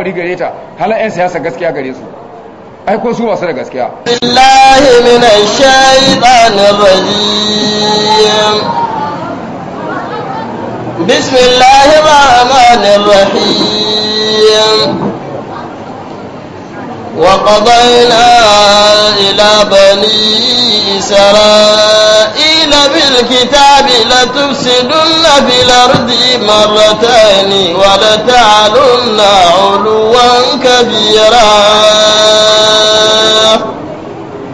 alƙawari gare ta hala 'yan siyasa gaskiya gare su ai ko su wasu da gaskiya وقضينا إلى بني إسرائيل بالكتاب لتفسدن في الأرض مرتين ولتعلن علوا كبيرا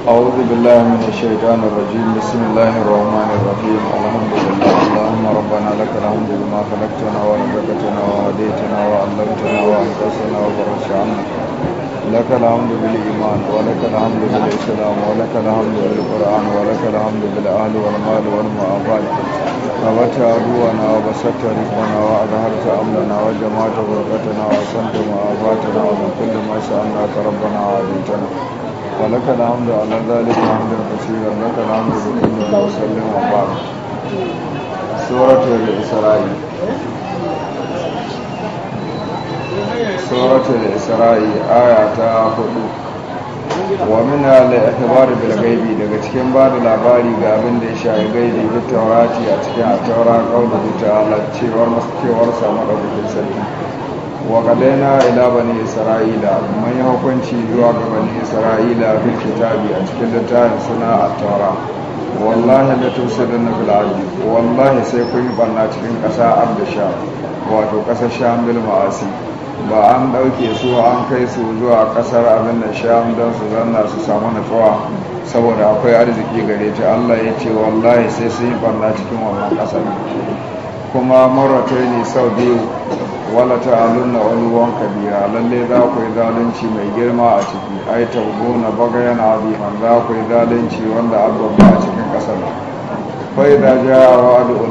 أعوذ بالله من الشيطان الرجيم بسم الله الرحمن الرحيم الحمد لله اللهم ربنا لك الحمد لما خلقتنا ورزقتنا وهديتنا وعلمتنا وأنفسنا وفرجت لك الحمد بالإيمان ولك الحمد بالإسلام ولك الحمد بالقرآن ولك الحمد بالأهل والمال والمعافات ثبت عدونا وبسطت رزقنا وأظهرت أمرنا وجمعت غرفتنا وأحسنت معافاتنا ومن كل ما سألناك ربنا وعافيتنا ولك الحمد على ذلك حمدا كثيرا لك الحمد بكل وسلم وبارك سورة الإسرائيل suratul isra'i aya ta hudu wa mina la ikhbar bil ghaibi daga cikin ba da labari ga abin da ya shafi gaibi da taurati a cikin ataura da ta'ala cewa cewar sa madaukakin sarki wa qadaina ila bani isra'ila mun yi hukunci zuwa ga bani isra'ila bil kitabi a cikin littafin suna ataura wallahi la tusiduna bil ardi wallahi sai kun yi barna cikin kasa abda sha wato kasar sham bil ma'asi ba an ɗauke su an kai su zuwa ƙasar abin da sham don su zanna su samu nutsuwa saboda akwai arziki gare ta allah ya ce wallahi sai sun yi barna cikin wannan ƙasar kuma maratai ne sau biyu wala ta alunna uluwan kabira lalle za ku yi zalunci mai girma a ciki ai taugo na baga yana abiman za ku yi zalunci wanda abubba a cikin kasar fai da ja a wa'adu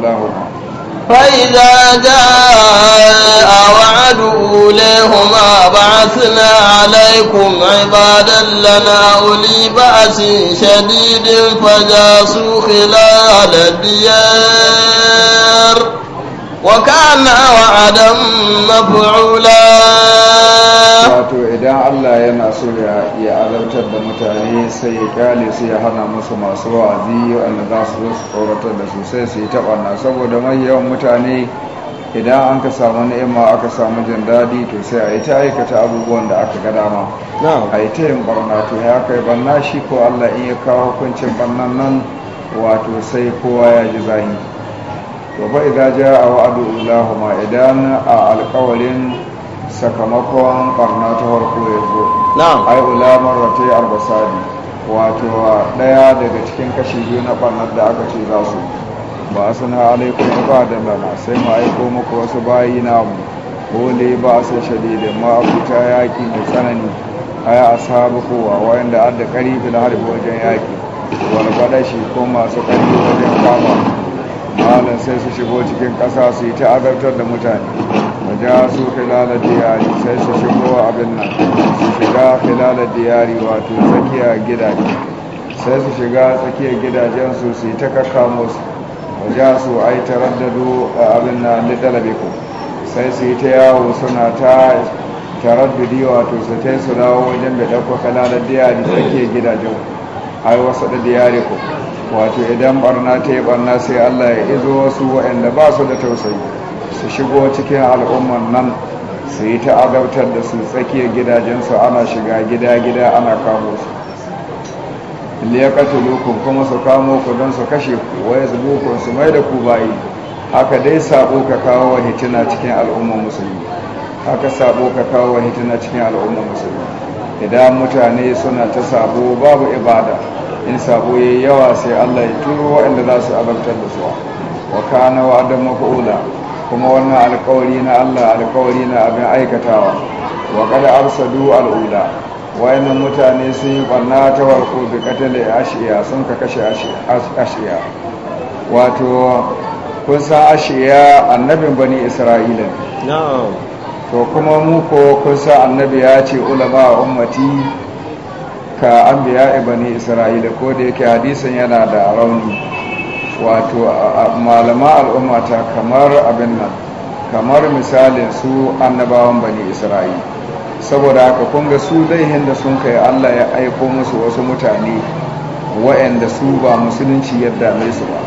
فإذا جاء وعد أوليهما بعثنا عليكم عبادا لنا أولي بأس شديد فجاسوا خلال الديار وكان وعدا مفعولا wato idan Allah yana so ya azabtar da mutane sai ya kyale sai ya hana musu masu wa'azi wanda za su zo su tsoratar da su sai su yi taɓana saboda mai yawan mutane idan an ka samu ni'ima aka samu jin daɗi to sai a yi ta aikata abubuwan da aka ga dama a yi ta yin barna to ya kai banna shi ko Allah in ya kawo hukuncin barnan nan wato sai kowa ya ji zahi wa fa idza a wa'adu ilahuma idan a alkawarin sakamakon barna ta harko ya zo ai ulamar rate albasadi wato ɗaya daga cikin kashi biyu na barnar da aka ce za su ba sana alaikun ba da lana sai ma aiko muku wasu bayi namu hole ba su shadidin ma'abuta yaƙi da tsanani a yi kowa. kowa da adda ƙarfi na harbi wajen yaƙi wani faɗa shi ko masu ƙarfi wajen kama malam sai su shigo cikin ƙasa su yi ta azabtar da mutane ja su filalar diyari sai su shigo abin nan su shiga filalar diyari wato tsakiyar gidaje sai su shiga tsakiyar gidajen su su yi ta kakkamo su ja su ai a abin nan dalabe ku sai su yi ta yawo suna ta taraddudi wato su ta su dawo wajen da ɗauko filalar diyari tsakiyar gidajen ai wasu da diyari ku wato idan barna ta yi barna sai allah ya izo wasu waɗanda ba su da tausayi su shigo cikin al'umman nan su yi ta'adautar da su tsakiyar gidajensu ana shiga gida-gida ana kamo su liyakatu lokun kuma su kamo ku don su kashe ku waya zubukun su mai da ku bayi haka dai sabo ka kawo wa hitina cikin al'ummar musulmi haka sabo ka kawo wa hitina cikin al'ummar musulmi idan mutane suna ta sabo babu ibada in sabo yi yawa sai Allah ya turo waɗanda za su abartar da suwa wa kana adam maf'ula kuma wannan alƙawari na Allah alƙawari na abin aikatawa wa qad arsadu al'ula wayannan mutane sun yi ƙwanna ta warko bi qatl ashiya sun ka kashe ashiya wato kun san ashiya annabin bani isra'ila to kuma mu ko kun san annabi ya ce ulama ummati ka an biya ibani isra'ila ko da yake hadisin yana da rauni wato malama al'ummata kamar abin nan kamar misalin su annabawan bani isra'ila saboda haka kunga su daihin da sun kai allah ya aiko musu wasu mutane waɗanda su ba musulunci yadda mai su ba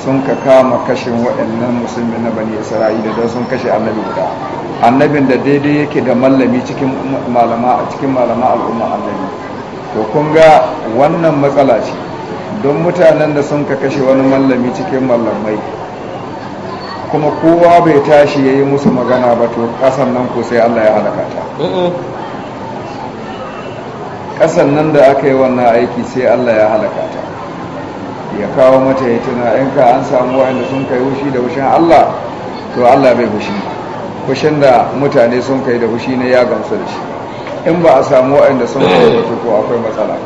sun ka kama kashin waɗannan musulmi na bani isra'ila don sun kashe annabi guda annabin da daidai yake da mallami cikin malama al'umma annabi to kun ga wannan matsala ce don mutanen da sun ka kashe wani mallami cikin mallamai kuma kowa bai tashi ya yi musu magana ba to kasan nan ko sai allah ya halaka ta kasan nan da aka yi wannan aiki sai allah ya halaka ta ya kawo mata ya tuna in ka an samu wa'anda sun kai wushi da wushin allah to allah bai wushi wushin da mutane sun kai da wushi ne ya gamsu da shi in ba a samu waɗanda sun eh. kai ko akwai matsala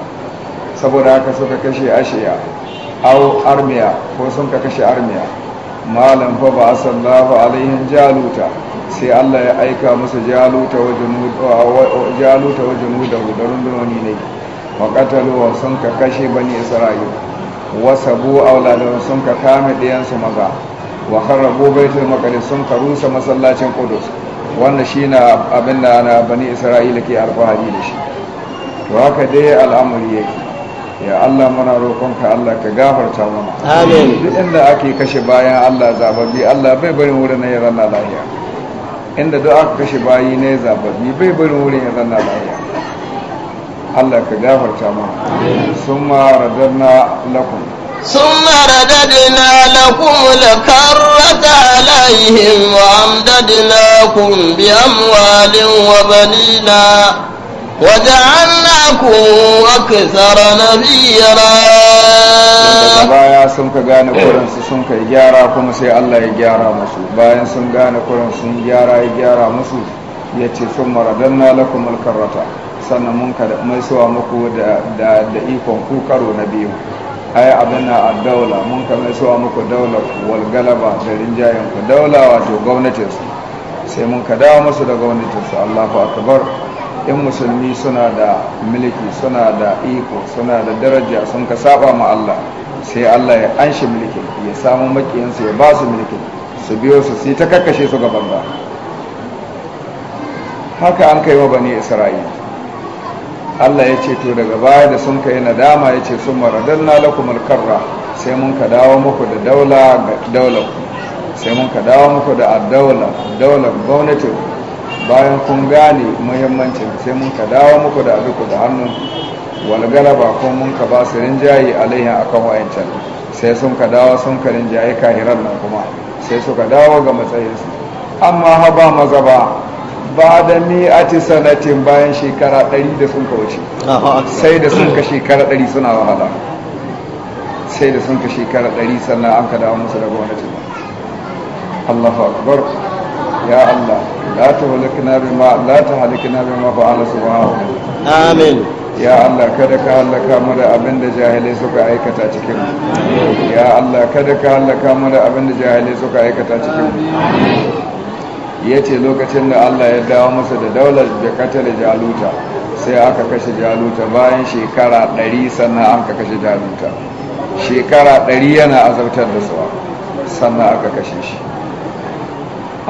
saboda haka suka kashe ashiya au armiya ko sun ka kashe armiya malam fa ba sallahu alaihin jaluta sai Allah ya aika musu jaluta wajen jaluta da rundunoni ne wa sun ka kashe bani isra'ila wasabu auladun sun ka kame ɗiyansu maza wa kharrabu baitul maqdis sun ka rusa masallacin qudus wannan shi na abin da na bani isra'ila ke alfahari da shi to haka dai al'amari yake ya Allah mana roƙonka Allah ka gafarta mana amin duk inda ake kashe bayan Allah zababbi Allah bai barin wurin na zanna lafiya inda duk aka kashe bayi ne zababbi bai barin wurin ya zanna lafiya Allah ka gafarta mana Amin. summa na lakum ثم رددنا لكم الكرة عليهم وأمددناكم بأموال وبنينا وجعلناكم أكثر نبيرا daga baya sun ka gane kuransu sun ka gyara kuma sai Allah ya gyara musu bayan sun gane kuran sun gyara ya gyara musu ya ce sun maradanna mulkar rata, sannan mun ka mai suwa muku da ikon ku na biyu ai abin na daula mun kamar suwa muku daula wal galaba da rinjayen ku daula wato gwamnatin su sai mun ka dawo musu da gwamnatin su Allahu akbar in musulmi suna da miliki suna da iko suna da daraja sun ka saba ma Allah sai Allah ya anshi miliki ya samu makiyansu ya ba su miliki su biyo su sai ta kakkashe su gaban ba haka an kai wa bani Isra'ila Allah ya ce to daga baya da sun kai nadama ya ce sun maradar na lakumar karra sai mun ka dawo muku da daula ga daula sai mun ka dawo muku da daula gwamnati bayan kun gane muhimmancin sai mun ka dawo muku da duku da hannu ba ko mun ka ba su rinjaye alaiha akan wayancan sai sun ka dawo sun ka rinjaye kahiran nan kuma sai suka dawo ga matsayinsu amma haba maza ba ba da mi'ati sanatin bayan shekara 100 da sun kawace sai da sun ka shekara 100 suna wahala sai da sun ka shekara 100 sannan an ka dawo musu daga wani gwamnatin Allahu akbar ya Allah lati la tuhlikna bima la tuhlikna bima fa'ala subhanahu amin ya Allah kada ka halaka mu da abin da jahilai suka aikata cikin ya Allah kada ka halaka mu da abin da jahilai suka aikata cikin ya ce lokacin da allah ya dawo masa da daular da jaluta sai aka kashe jaluta bayan shekara ɗari sannan aka kashe jaluta shekara ɗari yana azautar da suwa sannan aka kashe shi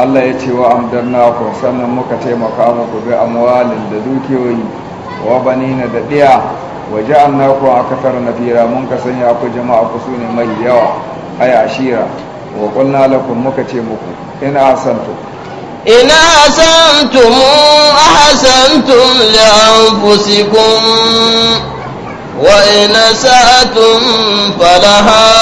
allah ya ce wa amdar naku sannan muka taimaka muku bi amwalin da dukiyoyi wa na da ɗiya wa a kasar na fira mun ka sanya ku jama'a ku ne mai yawa ai ashira wa qulna lakum muka ce muku ina asantu إن أحسنتم أحسنتم لأنفسكم وإن أسأتم فلها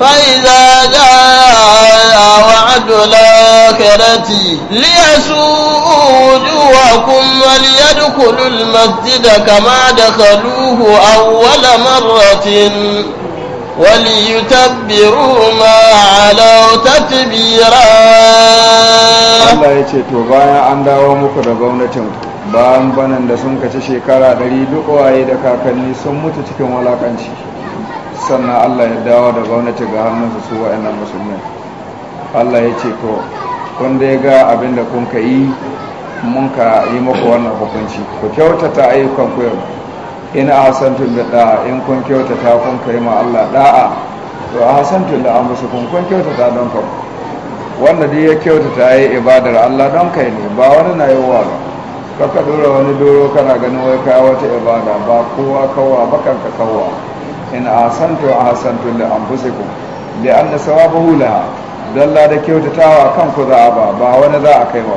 فإذا جاء وعد الآخرة ليسوء وجوهكم وليدخلوا المسجد كما دخلوه أول مرة وليتبروا ما علوا تتبيرا Allah ya ce to bayan an dawo muku da gwamnatin bayan banan da sun kaci shekara ɗari duk waye da kakanni sun mutu cikin walakanci sannan Allah ya dawo da gwamnati ga hannunsu su wa'annan musulmai Allah ya ce to kun dai ga abin da kun ka yi mun ka yi muku wannan hukunci ku kyautata ayyukan ku yau in tun da da'a in kun kyautata kun kai ma Allah da'a to a tun da amsa kun kyautata don kan wanda dai ya kyautata yi ibadar Allah don kai ne ba wani na yiwuwa ba kaka dora wani doro kana ganin wai kai wata ibada ba kowa kawwa bakan ka kawwa in ahsantu ahsantum li anfusikum li anna sawabahu laha dalla da kyautatawa kanku za a ba ba wani za a kai ba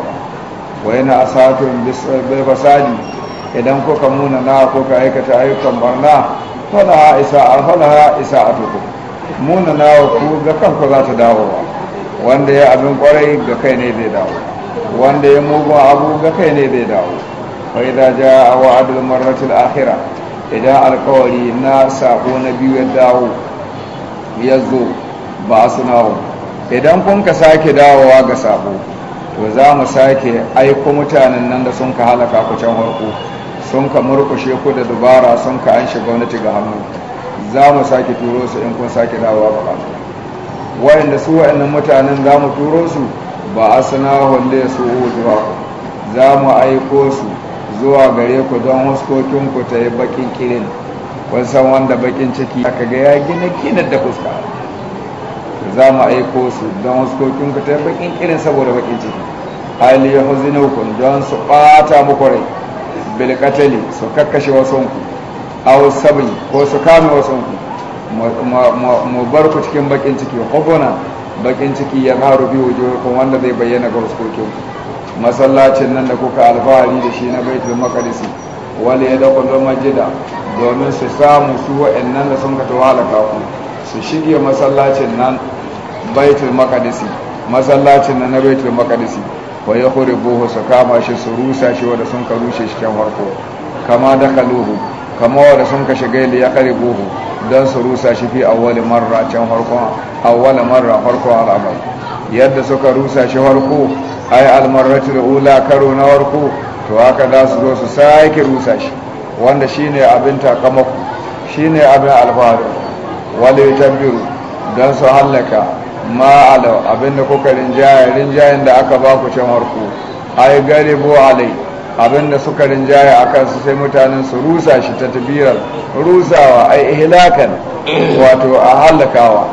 wa yana asatun bil fasadi idan kuka muna na kuka aikata ayyukan barna fala isa falaha isa atuku muna na ku ga kanku za ta dawo wanda ya abin kwarai ga kai ne zai dawo wanda ya mugun abu ga kai ne zai dawo wai da ja a wa'adul marratul akhira idan alkawari na sako na biyu ya dawo ya zo ba su nawo idan kun ka sake dawowa ga sako to za mu sake aiko mutanen nan da sun ka halaka ku can harko sun ka murkushe ku da dubara sun ka an shi gwamnati ga hannu za mu sake turo su in kun sake dawowa ba wayanda su wayannan mutanen za mu turo su ba a suna wanda ya so zuwa ku za mu aiko su zuwa gare ku don huskokin ku ta yi bakin kirin kun san wanda bakin ciki aka ga ya gina kinar da fuska za mu aiko su don huskokin ku ta yi bakin kirin saboda bakin ciki aliyu huzinukun don su bata muku rai bilkatali su kakkashe wasanku aw sabi ko su kame wasanku mu bar ku cikin bakin ciki hukuna bakin ciki ya karu bi wujuhukum wanda zai bayyana ga wasu kokin masallacin nan da kuka alfahari da shi na baitul makarisi wani ya dakon majida domin su samu su nan da sun kata wala kaku su shige masallacin nan baitul makarisi masallacin nan na baitul makarisi wa ya boho su kama shi su rusa shi wadda sun ka rushe shi kyan farko kama da kaluhu kama wadda sun ka shiga ya kare boho don su rusa shi fi awwali marra can harko awwali marra farko al'amari yadda suka rusa shi harko ai almarratu da ula karo na farko to haka za su zo su sake rusa shi wanda shine abin takamaku shine abin alfaharin wale tabbiru don su hallaka ma alau abinda kuka rinjaya rinjayen da aka ba ku can harku ai bo alai abinda suka rinjaya a kansu sai mutanen su rusa shi ta tabirar rusawa ai ihlakan wato a halakawa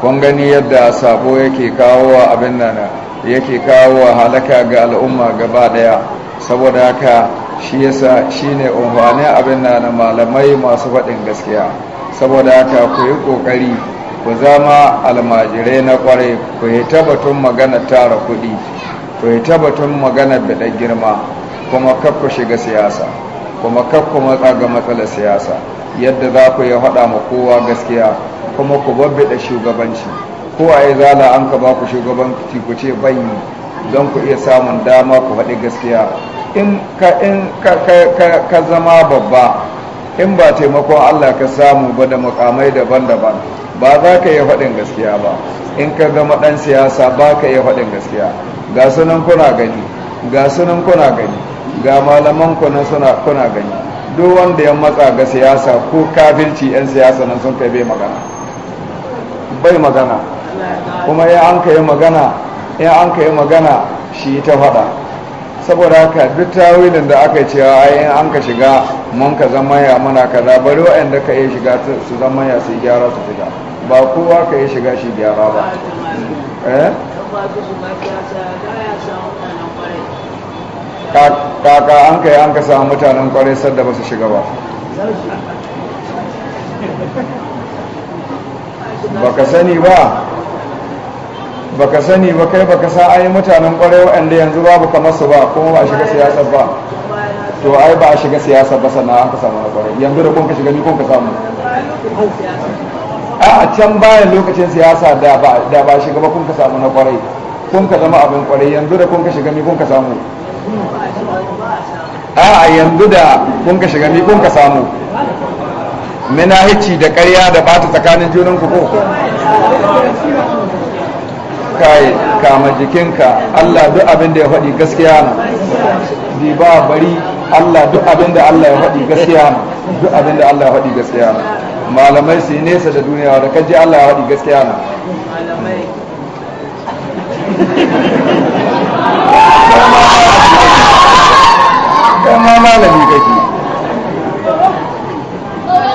kun gani yadda sabo yake kawo wa abin na yake kawo wa halaka ga al'umma gaba daya saboda haka shi yasa shine umfanin abin na malamai masu faɗin gaskiya saboda haka ku yi ƙoƙari ku zama almajirai na kwarai ku yi tabbatun magana tara kuɗi ku yi tabbatun magana bada girma kuma kakku shiga siyasa kuma kakku matsa ga matsalar siyasa yadda za ku yi haɗa ma kowa gaskiya kuma ku babbe da shugabanci ko a yi zala an ka ba ku shugabanci ku ce banyi don ku iya samun dama ku haɗi gaskiya in ka zama babba in ba taimakon Allah ka samu ba da makamai daban-daban ba za ka yi faɗin gaskiya ba in ka gama ɗan siyasa ba ka yi faɗin gaskiya ga sunan kuna gani ga sunan kuna gani ga malaman kuna suna kuna gani duk wanda ya matsa ga siyasa ko kafirci 'yan siyasa nan sun kai bai magana bai magana kuma ya an ka yi magana ya an yi magana shi ta faɗa saboda haka duk tawilin da aka cewa ayin an ka shiga mun ka zama ya muna kaza bari waɗanda ka yi shiga su zama ya su gyara su fita ba kowa ka yi shiga shi gyara ba kaka eh? an ka yi an ka samu mutanen kwarai sadda ba su shiga ba ba ka sani ba baka sani ba kai baka sa ai mutanen kwarai waɗanda yanzu babu kamar su ba kuma ba a shiga siyasa ba to ai ba a shiga siyasa ba sannan aka samu na kwarai yanzu da kun ka shiga ni kun ka samu a can bayan lokacin siyasa da ba a shiga ba kuma ka samu na kwarai kun ka zama abin kwarai yanzu da kun ka shiga ni kun ka samu a yanzu da kun ka shiga ni kun ka samu mina hici da ƙarya da bata tsakanin junanku ko kayi kama jikinka Allah duk abin da ya faɗi gaskiya na ba bari Allah duk abin da Allah ya faɗi gaskiya na duk abin da Allah ya faɗi gaskiya na malamai su nesa da duniya da kaji Allah ya faɗi gaskiya na kama kake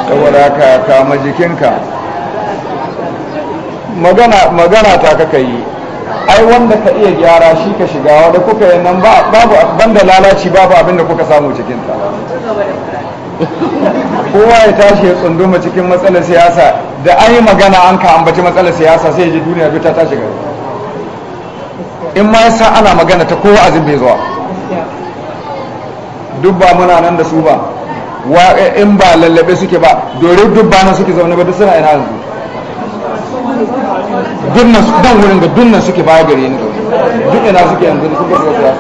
saboda ka kama jikinka magana ta kaka yi ai wanda ka iya gyara shi ka shiga wanda kuka yi nan babu banda lalaci babu abin da kuka samu cikin ta kowa ya tashi ya tsunduma cikin matsalar siyasa da an yi magana an ka ambaci matsalar siyasa sai ji duniya duk ta tashi gari in ma yasa ana magana ta kowa azin bai zuwa duk ba muna nan da su ba in ba lallabe suke ba dore duk ba nan suke zaune ba duk suna ina yanzu dunnan wurin ga dunnan suke baya gari ne duk ina suke yanzu sun ga siyasa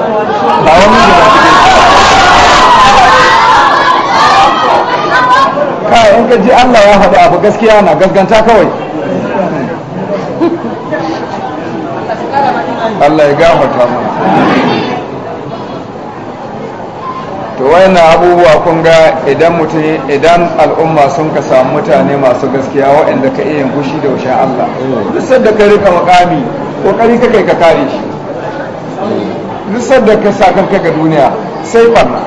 ba wani da ba suke kai in ka ji Allah ya faɗi abu gaskiya na gasganta kawai Allah ya gafarta mu to wayannan abubuwa kun ga idan mutum idan al'umma sun ka samu mutane masu gaskiya waɗanda ka iya fushi da washen Allah duk sadda ka rika makami kokari ka kai ka kare shi duk sadda ka sa kanka ga duniya sai barna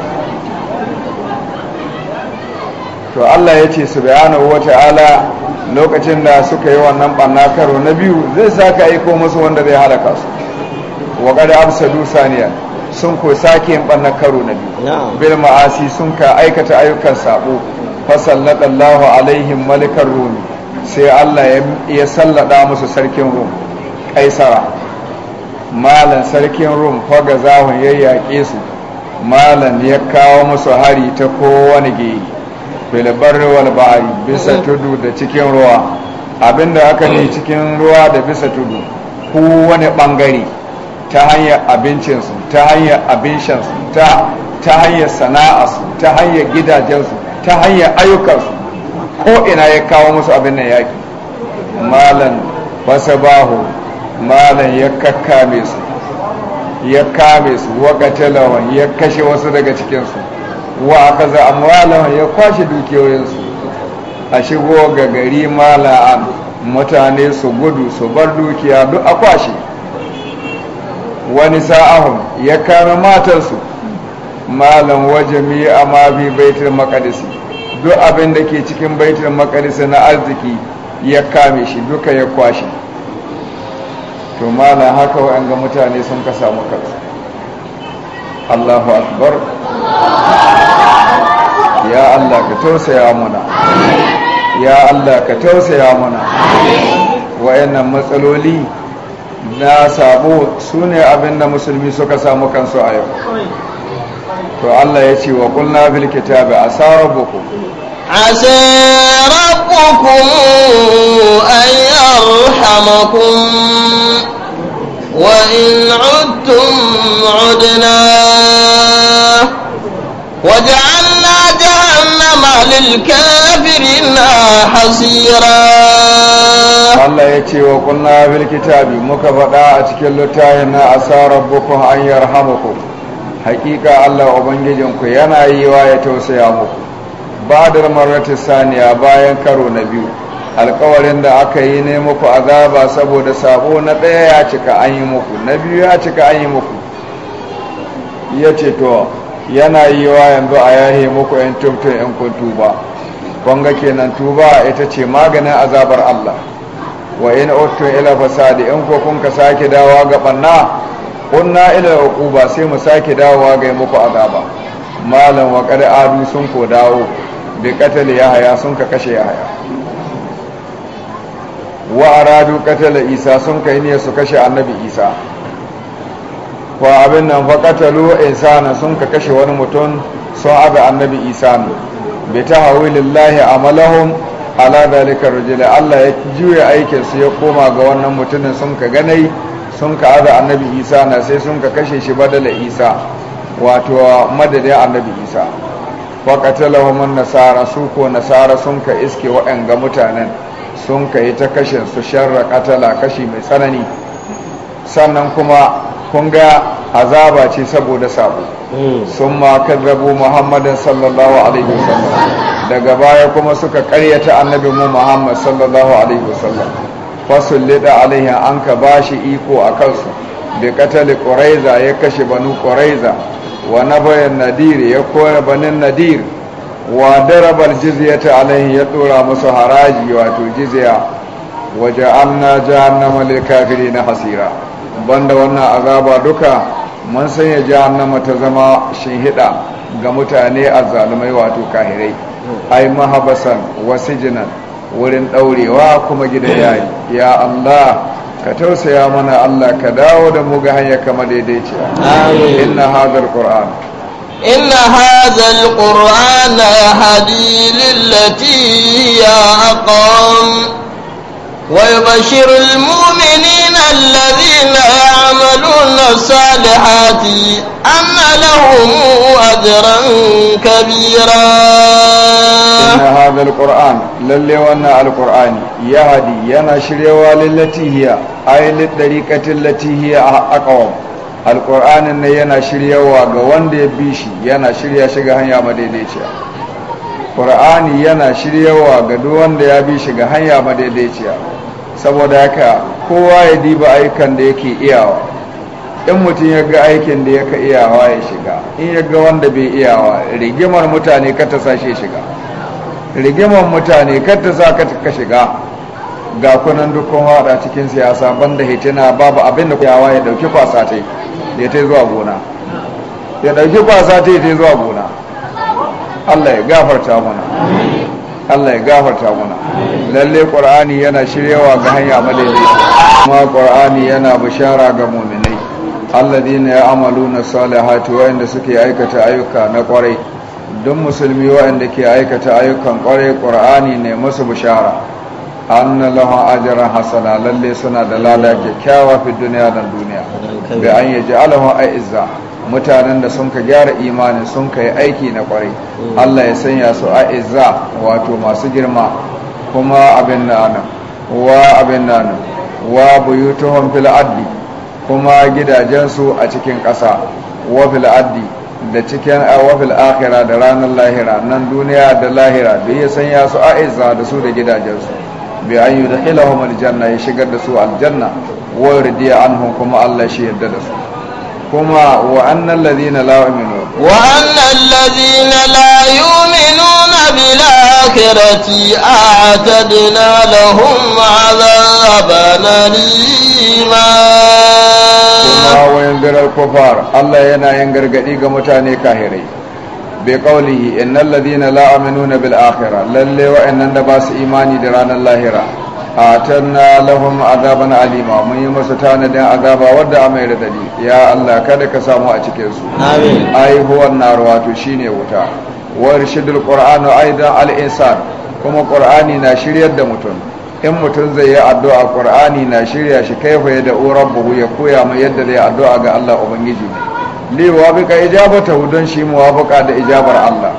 to Allah ya ce subhanahu wata'ala lokacin da suka yi wannan barna karo na biyu zai saka aiko musu wanda zai halaka su wa qad absadu saniya sun ko sake yin ɓannan karo na biyu bil ma'asi sun ka aikata ayyukan sabo fasal na ɗallahu alaihim malikar rumi sai Allah ya sallada musu sarkin rum kaisara malan sarkin rum faga zahun ya yaƙe su malan ya kawo musu hari ta kowane gege filibar wal ba'ari bisa tudu da cikin ruwa abinda aka ne cikin ruwa da bisa tudu kowane ɓangare ta hanyar abincinsu ta hanyar abinshansu ta hanyar sana'arsu ta hanyar gidajensu ta hanyar ayyukansu ko ina ya kawo musu abin nan yaƙi malan basabahu malan ya kakkame su ya kame su talawan ya kashe wasu daga cikinsu wa aka za amwalawan ya kwashe dukiyoyinsu a shigo ga gari mala'an mutane su gudu su bar dukiya duk a kwashe wani sa'ahun ya kama matarsu malam waje mi a bi baitul makadisi duk abin da ke cikin baitul makadisi na arziki ya kame shi duka ya kwashe to malam haka ga mutane sun ka samu kansu allahu akbar ya allah ka tausaya muna ya allah ka tausaya muna wa'annan matsaloli na sabo su ne abin da musulmi suka samu kansu a yau to Allah ya ce wa kulna bil kitabi asara buku عسى ربكم wa in وإن عدتم عدنا جهنم للكافرين hasira. Allah ya ce wa kunna bil kitabi muka faɗa a cikin littafi na asa rabbukum an yarhamuku hakika Allah ubangijin ku yana yi wa ya tausaya muku badar marati saniya bayan karo na biyu alkawarin da aka yi ne muku azaba saboda sabo na ɗaya ya cika an yi muku na biyu ya cika an yi muku ya ce to yana yi wa yanzu a yahe muku yan tubtun yan kun tuba Banga kenan tuba ita ce maganin azabar Allah wa ina uttun ila fasadi in ko kun ka sake dawa ga banna kunna ila ba sai mu sake dawowa ga muku azaba malam wa qad adu sun ko dawo bi ya haya sun ka kashe haya. wa aradu qatal isa sun kai ne su kashe annabi isa wa abin nan faƙatalu insana sun ka kashe wani mutum sun abu annabi isa ne bai ta hawi lillahi amalahum ala dalika rujila Allah ya juya aikin su ya koma ga wannan mutumin sun ka ganai sun ka abu annabi isa na sai sun ka kashe shi badala isa wato madadin annabi isa wani nasara su ko nasara sun ka iske ga mutanen sun ka yi ta kashe su sharra katala kashi mai tsanani sannan kuma kun ga azaba ce saboda sabo hmm. sun ma kazzabu muhammadin sallallahu alaihi wasallam daga baya kuma suka karyata annabi mu muhammad sallallahu alaihi wasallam fasullida alaihi an ka bashi iko a kansu bi katali quraiza ya kashe banu quraiza wa nabayan nadir ya kora banin nadir wa darabal jizyata alaihi ya dora musu haraji wato jizya wa ja'alna jahannama lil kafirin hasira banda wannan azaba duka mun sanya jahannama ta zama shin hida ga mutane a azzalumai wato kahirai ai mahabasan jinan wurin daurewa kuma gidan yayi ya Allah ka tausaya mana Allah ka dawo da mu ga hanya kama daidaici inna hadhal qur'an inna hadhal qur'an yahdi lillati ya aqam wa yubashshiru bashirin إن الذين يعملون الصالحات أن لهم أجرا كبيرا إن هذا القرآن للي وانا القرآن يهدي ينا شريوا للتي هي أي للطريقة التي هي أقوم alƙur'anin ne yana shiryawa ga wanda ya bi shi yana shirya shiga hanya madaidaiciya ƙur'ani yana shiryawa ga duk wanda ya bi shi ga hanya madaidaiciya saboda haka kowa ya diba aikan da yake iyawa in mutum ya ga aikin da yaka iyawa ya shiga in ya ga wanda bai iyawa rigimar mutane kata ta shi shiga rigimar mutane kata ta sa ka shiga ga kunan dukkan wada cikin siyasa banda hitina babu abin da kuyawa ya dauki kwasa ta ya ta zuwa gona ya dauki kwasa ta ya ta zuwa gona Allah ya gafarta mana Allah ya gafarta muna lalle qur'ani yana shiryawa ga hanya madaidaici kuma qur'ani yana bishara ga mu'minai alladina ya'maluna salihati inda suke aikata ayyuka na kwarai don musulmi wa'anda ke aikata ayyukan kwarai qur'ani ne musu bishara anna lahu ajran hasana lalle suna da lada kyakkyawa fi duniya da duniya bi an yaj'alahu a'izza mutanen da sun ka gyara imani sun ka yi aiki na kwarai mm. Allah ya sanya su a izza wato masu girma kuma abin nan wa abin nan wa buyutuhum fil addi kuma gidajensu a cikin ƙasa wa fil addi da cikin awafil akhira da ranar lahira nan duniya da lahira da ya sanya su a izza da su da gidajensu bi an yi da ilahum janna ya shigar da su aljanna wa yardiya anhum kuma Allah shi yarda da su kuma wa annal ladina la yu'minu wa annal ladina la yu'minuna bil akhirati atadna lahum azaban alima kuma wayan yanzara kufar Allah yana yin gargadi ga mutane kahirai bi qawlihi innal ladina la yu'minuna bil akhirah lalle wa'annan da ba su imani da ranar lahira atanna lahum azaban alima mun yi musu tanadin azaba wadda a mai radadi ya Allah kada ka samu a cikin su amin ai shi nar shine wuta wa irshidul qur'anu aidan al insan kuma qur'ani na shiryar da mutum in mutum zai yi addu'a qur'ani na shirya shi kai fa da rabbuhu ya koya mai yadda zai addu'a ga Allah ubangiji li wa bika ijabatahu don shi muwafaqa da ijabar Allah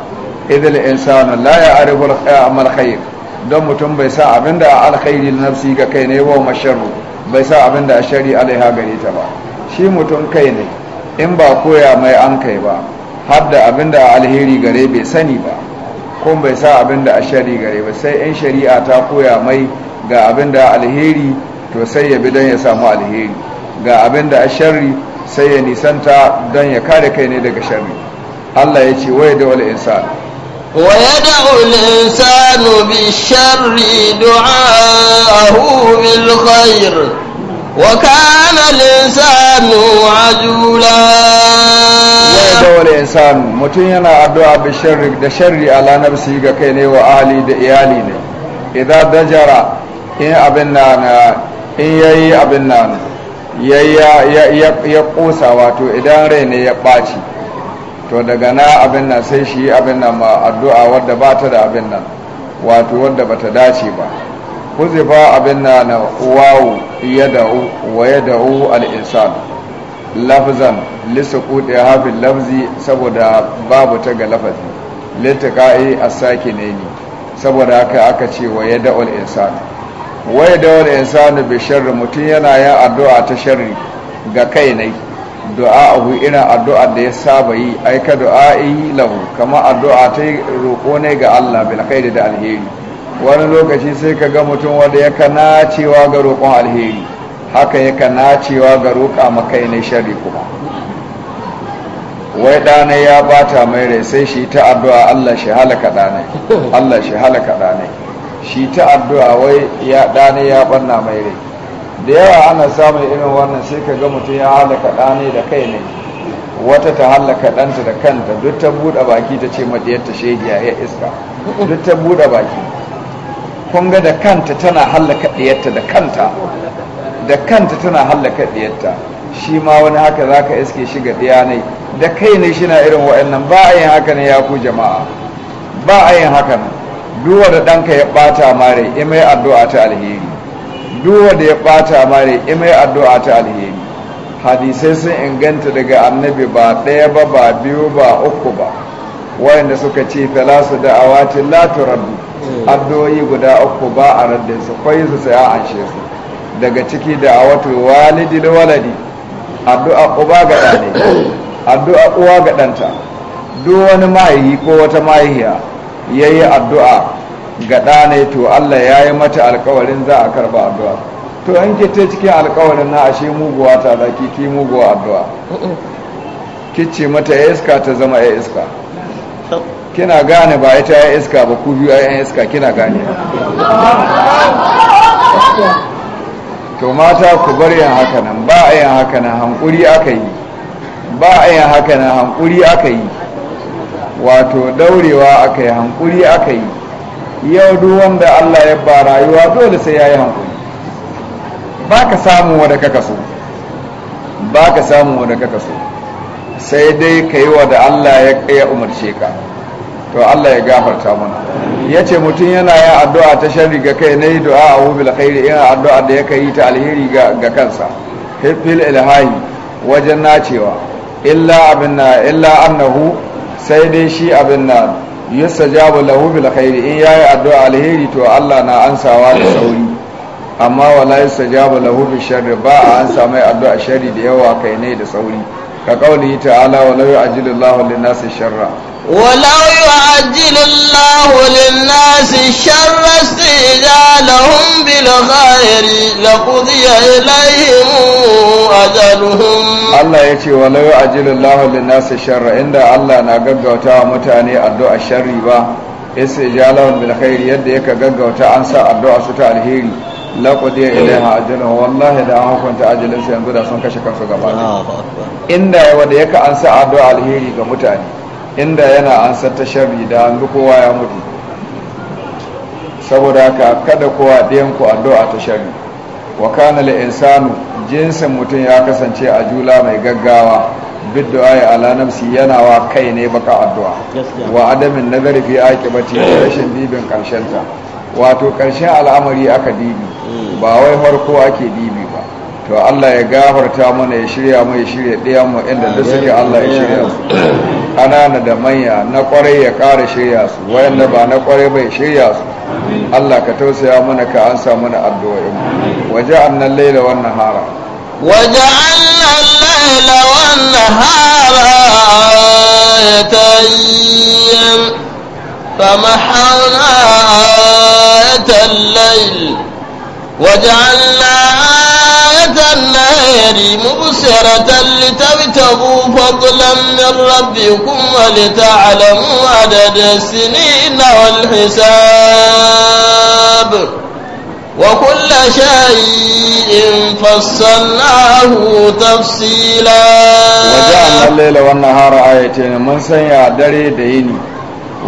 idil insanu la ya'rifu al-khayr don mutum bai sa abin da alkhairi na nafsi ga kai ne wa masharru bai sa abin da shari alaiha gare ta ba shi mutum kai ne in ba koya mai an kai ba har da abin da alheri gare bai sani ba ko bai sa abin da shari gare ba sai in shari'a ta koya mai ga abin da alheri to sai ya bi don ya samu alheri ga abin da shari sai ya nisanta don ya kare kai ne daga shari Allah ya ce wai da wal insan ويدعو الإنسان بالشر دعاءه بالخير وكان الإنسان عجولا ويدعو الإنسان متين أدعى بالشر ده شر على نفسه كيني وآلي ده إيالي إذا دجر إن أبنان إن يأي أبنان ya ya ya ya kosa wato idan rai ne ya ɓaci to daga na abin nan sai shi abin nan ma addu'a wadda ba ta da abin nan wato wadda ba ta dace ba kuzifa abin nan na wawu ya da'u wa ya da'u al'insan lafzan lissa kuɗe hafin lafzi saboda babu ta ga lafazi littaka'i a sake ne ni saboda haka aka ce wa ya da'u al'insan wa ya da'u al'insan bi sharri mutum yana yin addu'a ta sharri ga kai ne abu ina addu'a da ya saba yi aika yi lahu kama addu'a ta roƙo ne ga Allah bil khairi da alheri wani lokaci sai ka ga mutum wanda ya kana cewa ga roƙon alheri haka ya kana cewa ga roƙa maka ne sharri kuma wai ɗanai ya bata mai rai sai shi ta addu'a Allah shi halaka ɗanai Allah shi halaka ɗanai shi ta addu'a wai ya ɗanai ya banna mai rai da yawa ana samun irin wannan sai ka ga mutum ya halaka ɗane da kai ne wata ta halaka ɗanta da kanta duk ta buɗe baki ta ce maɗiyarta shegiya ya iska duk ta buɗe baki kun ga da kanta tana halaka ɗiyarta da kanta da kanta tana halaka ɗiyarta shi ma wani haka za ka iske shi ga ɗiya ne da kai ne shi na irin wa'annan ba a yin haka ne ya ku jama'a ba a yin haka ne duwa da ɗanka ya ɓata mare imai addu'a ta alheri Duwa da ya bata mare imai addu'a ta alheri hadisai sun inganta daga annabi ba ɗaya ba ba biyu ba uku ba wayanda suka ce talasu da awati la turaddu hmm. addu'o'i guda uku ba a raddin su kai su sai a anshe su daga ciki da awatu walidi da waladi addu'a uba ga dane addu'a uwa ga ɗanta duk wani mahaihi ko wata mahaihiya yayi addu'a gada ne to Allah ya yi mata alkawarin za a karba addu'a to an ke ta cikin alkawarin na ashe muguwa ta da ki ki muguwa addu'a ki ce mata ya iska ta zama ya iska kina gane ba ita ya iska ba ku biyu ya iska kina gane to mata ku bar yin hakanan ba a yin hakanan hankuri aka yi ba a yin hakanan hankuri aka yi wato daurewa aka yi hankuri aka yi yau duk wanda Allah ya ba rayuwa dole sai ya yi hankali ba ka samu wanda kaka so ba ka samu wanda kaka so sai dai ka yi wanda Allah ya umarce ka to Allah ya gafarta mana ya ce mutum yana yin addu'a ta sharri ga kai na yi du'a a bil khairi ina addu'a da ya kai ta alheri ga kansa hifil ilahi wajen nacewa illa abinna illa annahu sai dai shi abinna yustajabu lahu bil khairi in yayi addu'a alheri to Allah na ansawa da sauri amma wala yustajabu lahu bil sharri ba a ansa mai addu'a sharri da yawa kai ne da sauri ka kauli ta'ala wa yu'ajjilu Allahu lin-nasi sharra ولو يعجل الله للناس الشر استجالهم بالخير لقضي إليهم أجلهم الله يتي ولو يعجل الله للناس الشر عند الله نقق وتاع متاني الدعاء الشر با استجالهم بالخير يد يكا قق وتاع أنسى الدعاء ستا الهيل laƙudi ya ilaha ajalin wallahi da an hukunta ajalin sai yanzu da sun kashe kansu gaba inda wanda yaka an sa inda yana ansa sata sharri da an kowa ya mutu saboda haka kada kowa ɗayan ku addu'a ta sharri wa kana insanu jinsin mutum ya kasance a jula mai gaggawa bid du'a ala nafsi yana wa kai ne baka addu'a wa adamin nazari fi aqibati rashin dibin karshen ta wato karshen al'amari aka dibi hmm. ba wai farko ake dibi ba to Allah ya gafarta mana ya shirya mu ya shirya ɗayan mu inda duk suke Allah ya shirya mu ƙanana da manya na kwarai ya ƙara shirya su wayanda ba na kwarai bai shirya su Allah ka tausaya mana ka an sa mana addu'o'in waje annan laila wannan hara waje annan laila wannan hara ya tayyan فمحونا آية الليل وجعلنا آية الليل الخير مبصرة لتبتغوا فضلا من ربكم ولتعلموا عدد السنين والحساب وكل شيء فصلناه تفصيلا وجعلنا الليل والنهار آيتين من سنيا دري ديني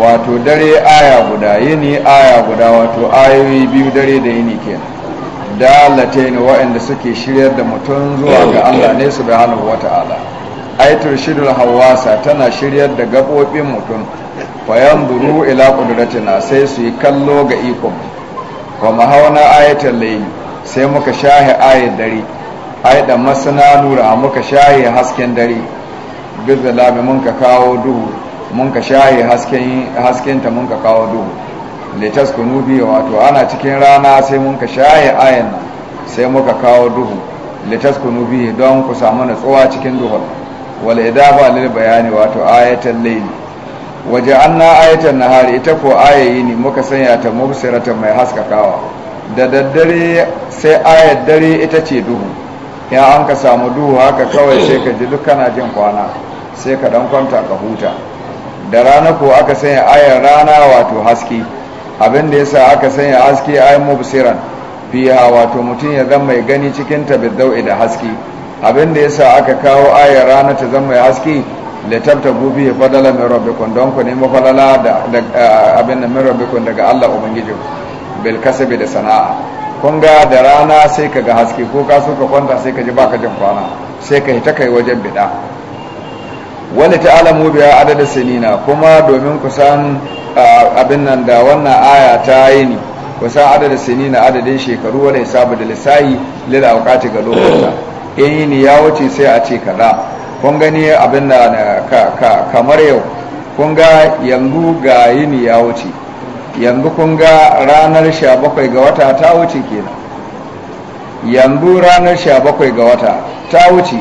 wato dare aya guda yini aya guda wato ayoyi biyu dare da yini ne wa'anda suke shiryar da mutum zuwa ga Allah ne su wata ala Aitar shirin hawasa tana shiryar da gabobin mutum fayan duru ila na sai su yi kallo ga ikon hau na ayatar layi sai muka shahi ayat dare ai da masana nura muka shahi hasken dare bizalabi mun ka kawo duhu mun ka shahi hasken ta mun kawo duhu litas kunubi wato ana cikin rana sai mun ka shaye ayan sai muka kawo duhu litas kunubi don ku samu natsuwa cikin duhun wal idafa lil bayani wato ayatan layli waje anna ayatul nahari ita ko ayayi ne muka sanya ta mubsiratan mai haskakawa da daddare sai ayat dare ita ce duhu ya an ka samu duhu haka kawai sai ka ji duk kana jin kwana sai ka dan kwanta ka huta da rana ko aka sanya ayar rana wato haske abinda da sa aka sanya haske ai mubsiran fiha wato mutum ya zama mai gani cikin ta da haske abinda da sa aka kawo ayar rana ta zama mai haske litabta gubi ya fadala min rabbikum don ku nemi fadala da abin da min rabbikum daga Allah ubangiji bil kasabi da sana'a kun ga da rana sai ka ga haske ko ka so ka kwanta sai ka ji baka jin kwana sai ka hita kai wajen bida wani ta'alamu biya adada sanina kuma domin ku san abin nan da wannan aya ta yi ne kusa adadin sani na adadin shekaru wani hisabu da lissahi lila aukati ga lokuta in yi ni ya wuce sai a ce kaza kun gani abin da kamar yau kun ga yanzu ga yini ya wuce yanzu kun ga ranar 17 ga wata ta wuce kenan yanzu ranar 17 ga wata ta wuce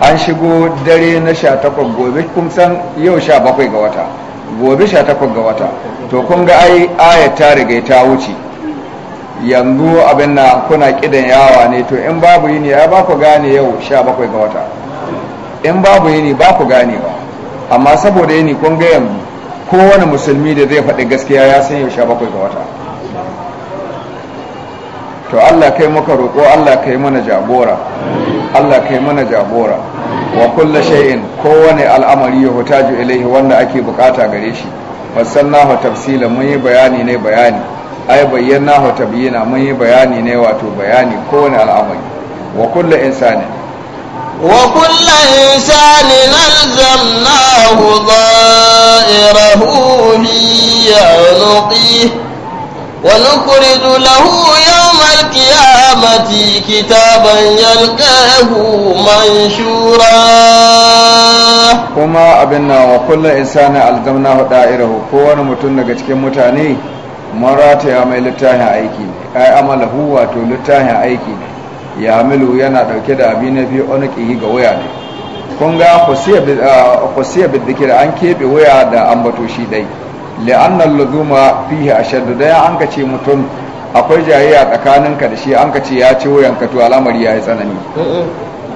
an shigo dare na 18 gobe kun san yau 17 ga wata gobe sha takwas ga wata to kun ga ai ayat ta riga ta wuce yanzu abin na kuna kidan yawa ne to in babu yini ya ba ku gane yau sha bakwai ga wata in babu yini ba ku ba amma saboda yini kun ga yanzu kowane musulmi da zai faɗi gaskiya ya san yau sha bakwai ga wata to Allah kai muka roƙo Allah kai mana jagora Allah kai mana jagora wa kulla shay'in kowane al'amari ya hutaju ilaihi wanda ake bukata gare shi hu tafsila mun yi bayani ne bayani ai hu tabyina mun yi bayani ne wato bayani kowane al'amari wa kulla insani insani إنسان dha'irahu hiya في wa ونخرج lahu yawm القيامة كتابا يلقاه منشورا كما أبنا وكل إنسان ألزمناه دائره mutum daga cikin mutane marata ya mai littafin aiki ai amalahu wato littafin aiki ne ya milu yana dauke da abin na biyu onaki ga waya ne kun ga kusiya bidikir an keɓe waya da ambato shi dai li'annan luzuma fihi ashaddu dai an ka ce mutum akwai jayayya tsakaninka da shi an ka ce ya ci wuyanka to alamari ya yi tsanani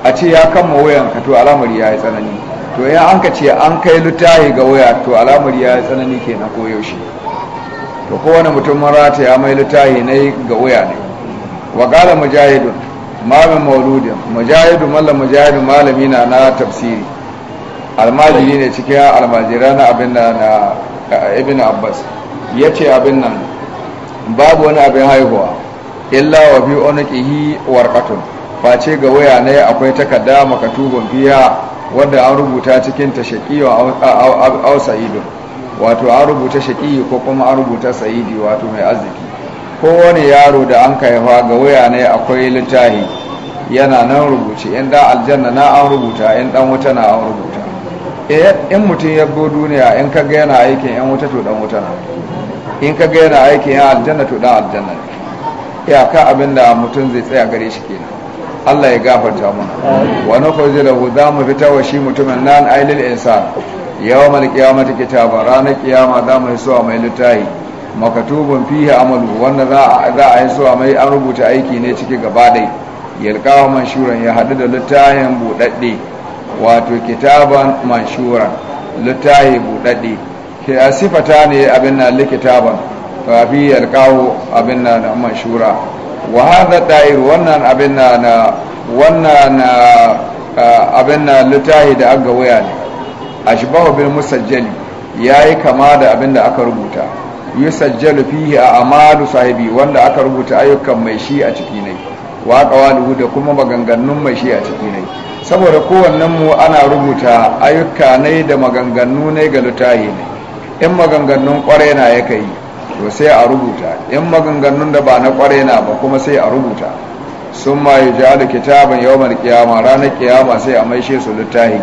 a ce ya kama wuyanka to alamari ya yi tsanani to ya an ka ce an kai lutahi ga wuya to alamari ya yi tsanani kenan ko yaushe to kowane mutum marata ya mai lutahi na yi ga wuya ne wa qala mujahidun mamin mauludin mujahidu mallam mujahidu malami na na tafsiri almajiri ne cikin almajira na abin da na ibn abbas ya ce abin nan babu wani abin haihuwa illa wa fi unqihi warqatun face ga waya ne akwai takarda makatubun biya wanda an rubuta cikin ta shaqiyu aw sa'idun wato an rubuta shaqiyi ko kuma an rubuta sa'idi wato mai arziki wani yaro da an kaifa ga waya ne akwai littahi yana nan rubuce in da aljanna na an rubuta in dan wuta na an rubuta eh, in mutum ya go duniya in kaga yana aikin yan wuta to dan wuta na in ka ga yana aiki ya aljanna to da aljanna ne abin abinda mutum zai tsaya gare shi kenan Allah ya gafarta mana wa nukhruju lahu za mu fita wa shi mutumin nan ailil insan qiyama ta kitaba ranar kiyama za mu hisuwa mai littahi makatubun fihi amalu wanda za za a hisuwa mai an rubuta aiki ne ciki gaba dai yalqahu manshuran ya hadu da littahin budadde wato kitaban manshuran littahi budadde ke a sifata ne abin na likitaban fi alkawo abin na na mashura wa hadha da'ir wannan abin na na wannan abin na litahi da aka waya ne ashbahu bil musajjali yayi kama da abin da aka rubuta yusajjalu fihi a amalu sahibi wanda aka rubuta ayyukan mai shi a ciki ne wa qawaluhu da kuma maganganun mai shi a ciki ne saboda kowannen mu ana rubuta ayyuka ne da maganganu ne ga litahi ne in maganganun kwarai na ya kai to sai a rubuta in maganganun da ba na kwarai na ba kuma sai a rubuta sun ma yi ja da kitabin yawon kiyama ranar kiyama sai a maishe su littahi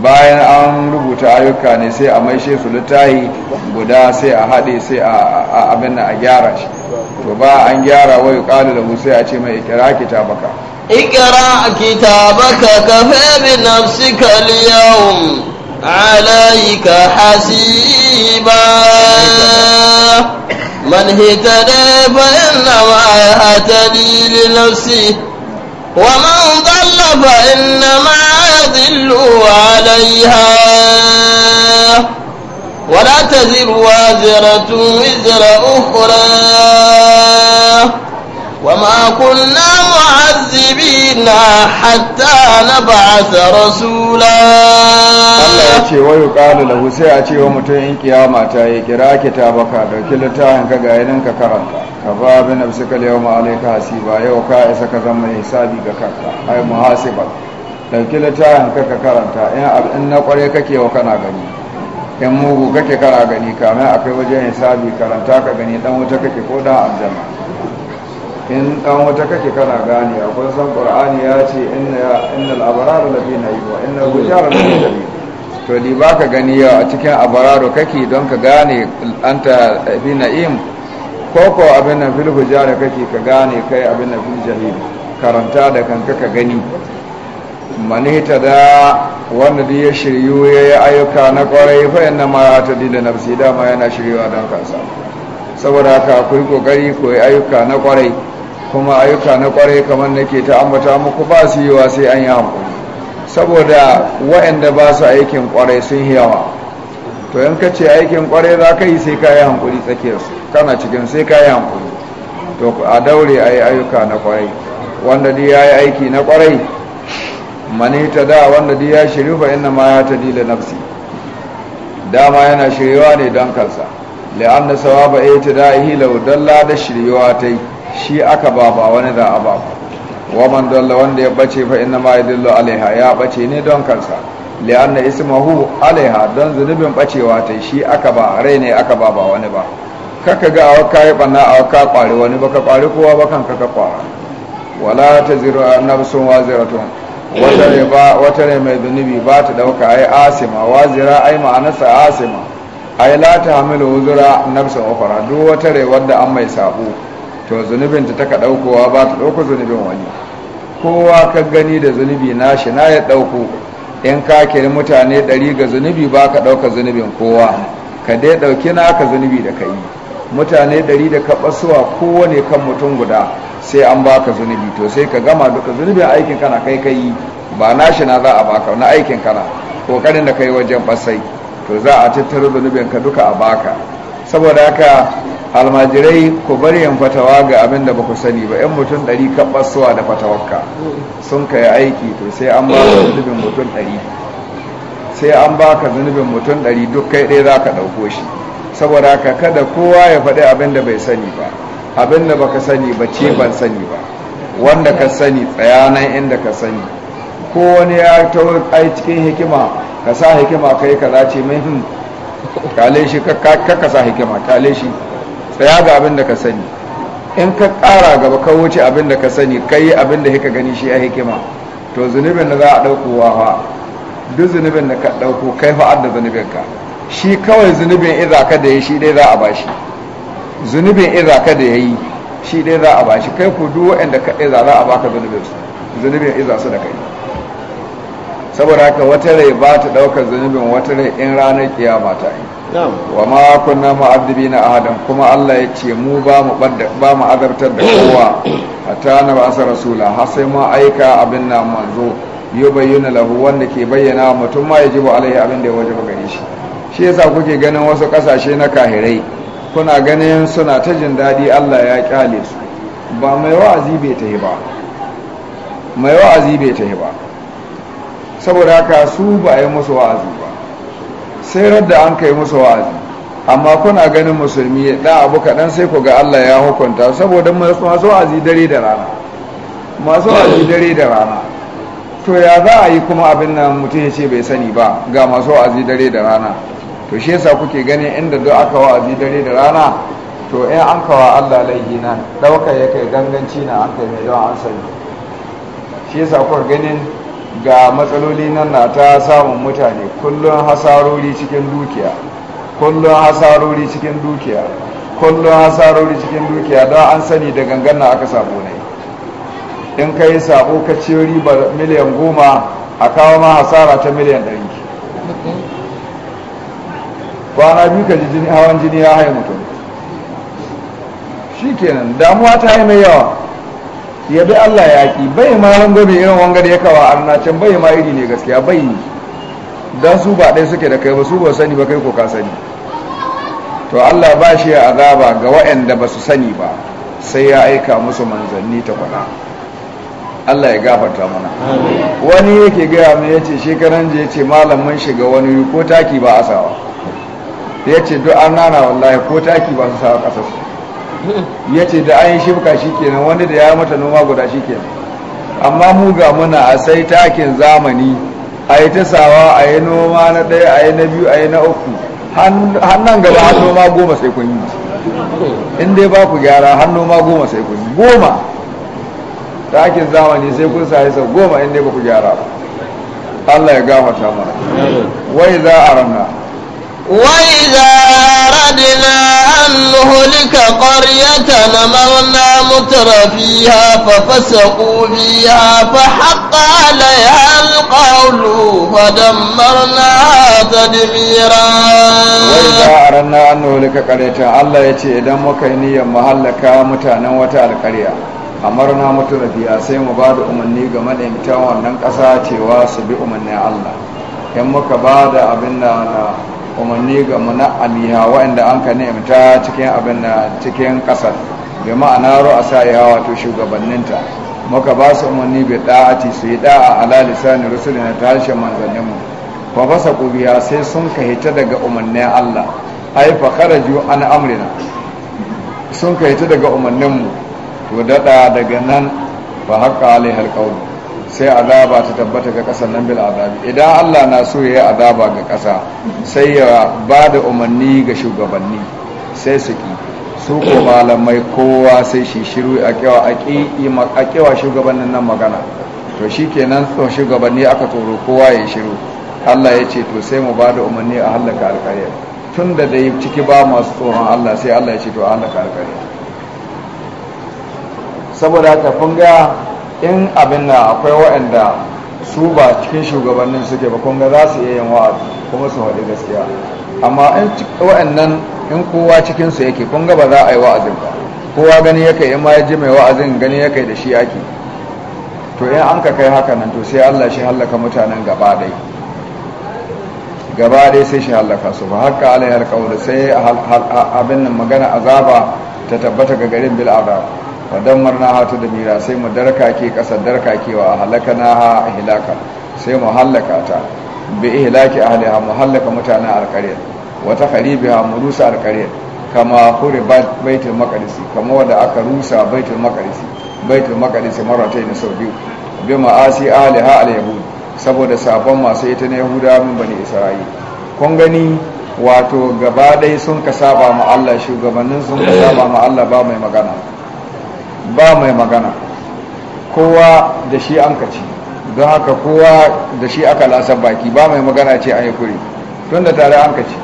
bayan an rubuta ayyuka ne sai a maishe su littahi guda sai a haɗe sai a abin a gyara shi to ba an gyara wai ƙalu da sai a ce mai ikira kitabaka ikira kitabaka kafe bi nafsika liyawun عليك حسيبا من اهتدى فإنما يهتدي لنفسه ومن ضل فإنما يضل عليها ولا تزر وازرة وزر أخرى وما كنا معذبين حتى نبعث رسولا Allah ya ce wayo ƙalu lahu sai a ce wa mutum in kiyama ta yi kira kitabaka ɗauki littafin ka ga yanin ka karanta ka ba bi yau ma alaika hasiba yau ka isa ka zama hisabi ga kanka ai muhasiba ɗauki littafin ka ka karanta in kware kake wa kana gani in mugu kake kana gani akai wajen hisabi karanta ka gani dan wuta kake ko dan aljanna in dan wata kake kana gane kun san qur'ani ya ce inna innal abrara lafi na'im wa innal fujara lafi na'im to di baka gani a cikin abraro kake don ka gane anta fi na'im ko ko abin nan fil fujara kake ka gane kai abin nan fil jahil karanta da kanka ka gani manita da wanda da ya shiryu ya yi ayyuka na kwarai fayan na mara ta da nafsi dama yana shiryuwa don kansa saboda haka akwai ku yi ayyuka na kwarai kuma ayyuka na kwarai kamar nake ta ambata muku ba su yiwa sai an yi hankali saboda waɗanda ba su aikin kwarai sun yi yawa to in ka ce aikin kwarai za ka yi sai ka yi hankali tsakiyarsu kana cikin sai ka yi hankali to a daure a yi ayyuka na kwarai wanda dai ya yi aiki na kwarai mani ta da wanda dai ya shiryu fa inna ma ya tadi da nafsi dama yana shiryuwa ne don kansa la'anna sawaba ya ta da ihila dalla da shiryuwa ta yi shi aka ba ba wani za a ba ku man dalla wanda ya bace fa inna ma yadullu alaiha ya bace ne don kansa li'anna ismahu alaiha don zunubin bacewa ta shi aka ba rai ne aka ba ba wani ba kaka ga awa kai banna awa ka kware wani ba ka kware kowa ba kan ka kwara wala taziru nafsun waziratun wata ne ba wata ne mai zunubi ba ta dauka ai asima wazira ai ma'anarsa asima ai la ta hamilu uzura nafsun ukhra duk wata rai wanda an mai sabo to zunubin ta taka daukowa ba ta dauko zunubin wani kowa ka gani da zunubi nashi na ya dauko in ka kiri mutane ɗari ga zunubi ba ka ɗauka zunubin kowa ka dai ɗauki naka zunubi da ka yi mutane dari da ka basuwa kowane kan mutum guda sai an baka zunubi to sai ka gama duka zunubin aikin kana kai ka yi ba nashi na za a baka na aikin kana kokarin da kai wajen basai to za a tattara zunubin ka duka a baka saboda haka almajirai ku bari yin fatawa ga abin da ba ku sani ba yan mutum ɗari suwa da fatawarka sun ka yi aiki to sai an ba ka zunubin mutum ɗari sai an ba ka zunubin mutum ɗari duk kai ɗaya za ka ɗauko shi saboda ka kada kowa ya faɗi abin da bai sani ba abin da baka sani ba ce ban sani ba wanda ka sani tsayanan inda ka sani ko wani ya tawo ai cikin hikima ka sa hikima kai kaza ce mai hmm, hin kale shi ka ka sa hikima kale shi tsaya ga abin da ka sani in ka ƙara gaba ka wuce abin da ka sani ka yi abin da ka gani shi a hikima to zunubin da za a wa fa duk zunubin da ka ɗauko kai adda da ka. shi kawai zunubin idza ka da ya shi dai za a bashi zunubin idza ka da ya yi shi dai za a bashi kai ku duk wanda ka iza za a baka zunubin su zunubin idza su da kai saboda haka wata rai ba ta ɗaukar zunubin wata rai in ranar kiyama ta yi wa ma kunna mu'adhibina ahadan kuma Allah ya ce mu ba mu ba mu azabtar da kowa hatta na ba sa rasula har sai ma aika abin nan manzo bayyana lahu wanda ke bayyana mutum ma ba alai abin da ya wajaba gare shi shi yasa kuke ganin wasu kasashe na kahirai kuna ganin suna ta jin daɗi Allah ya kyale su ba mai wa'azi bai tahi ba mai wa'azi bai tahi ba saboda haka su ba a yi musu wa'azi sai radda an kai musu wa'azi amma kuna ganin musulmi ya da abu kaɗan sai ku ga Allah ya hukunta saboda masu wa'azi dare da rana masu wa'azi dare da rana to ya za a yi kuma abin nan mutum ya ce bai sani ba ga masu wa'azi dare da rana to shi yasa kuke ganin inda duk aka wa'azi dare da rana to in an kawa Allah laifi nan ɗaukar ya kai ganganci na an kai mai don an sani shi yasa kuka ganin ga matsaloli nan na ta samun mutane kullum hasarori cikin dukiya kullum hasarori cikin dukiya kullum hasarori cikin dukiya don an sani da gangan na aka sabo ne in ka yi sabo ka ce riba miliyan goma a kawo ma hasara ta miliyan ɗari kwana biyu ka ji hawan jini ya mutum shi kenan damuwa ta yi mai yawa ya bi Allah ya ki bai ma rangobe irin wangar ya kawa arna can bai ma iri ne gaskiya bai yi don su ba suke da kai ba su ba sani ba kai ko ka sani to Allah ba shi ya azaba ga waɗanda ba su sani ba sai ya aika musu manzanni ta kwana Allah ya gafarta mana wani yake gaya mai ya ce shekaran je ya ce malamin shiga wani ko taki ba a ya ce duk an nana wallahi ko taki ba su sawa su ya ce da an yi shifka shi kenan wani da ya mata noma guda shi kenan amma mu ga muna a sai takin zamani a yi ta sawa a yi noma na ɗaya a yi na biyu a yi na uku hannun gaba har noma goma sai kun yi in dai ba ku gyara har noma goma sai kun yi goma takin zamani sai kun sa sau goma in dai ba ku gyara Allah ya gafarta mana wai za a rana وإذا أردنا أن نهلك قرية نمرنا متر فيها ففسقوا فيها فحق عليها القول فدمرناها تدميرا وإذا أردنا أن نهلك قرية الله يتي إذا مكينيا مهلكا متانا وتعالى قرية amarna mutu rabiya sai mu ba da umarni game da imtawan wannan ƙasa cewa su bi umarnin allah in muka ba da abin da umarni ga muna aliha waɗanda an ka ni'imta cikin abin da cikin ƙasar bai ma'ana sa ya wato shugabanninta muka ba su umarni bai da'ati su yi da'a ala lisani rusulina ta harshen manzanninmu fa fasa kubiya sai sun ka daga umarnin Allah ai fa kharaju an amrina sun ka daga umarninmu to daɗa daga nan fa haƙa alai alqawl sai azaba ta tabbata ga kasar nan bil azabi idan Allah na so ya yi azaba ga ƙasa sai ya ba da umarni ga shugabanni sai su ki su ko malamai kowa sai shi shiru a kewa shugabannin nan magana to shi kenan shugabanni aka tsoro kowa ya shiru Allah ya ce to sai mu ba da umarni a halaka alƙarya tun da dai ciki ba masu tsoron Allah sai Allah ya ce to a halaka alƙarya saboda haka kun in abin na akwai waɗanda su ba cikin shugabannin suke ba kunga za su iya yin wa'azi kuma su haɗu gaskiya amma in waɗannan in kowa cikinsu yake kunga ba za a yi wa'azin ba kowa gani yake in ma ya ji mai wa'azin gani yake da shi ake to in an ka kai haka nan to sai allah shi hallaka mutanen gaba dai gaba sai shi hallaka su ba haka alayhi alƙawar sai abin nan magana azaba ta tabbata ga garin bil'adar. wa marna hatu da mira sai mu kasa darka ke a halaka na ha hilaka sai mu halaka ta bi ihlaki ha mu hallaka mutanen alƙaryar wata kharibiha mu rusa alƙaryar kama hure baitul maqdisi kama wanda aka rusa baitul maqdisi baitul maqdisi marratayn sau biyu bi ma'asi ha al yahud saboda sabon masu ita na yahuda min bani isra'ila kun gani wato gaba ɗaya sun ka mu ma Allah shugabannin sun ka mu ma Allah ba mai magana ba mai magana kowa da shi an kaci don haka kowa da shi aka lasa baki ba mai magana ce a yi kuri tun da tare an kaci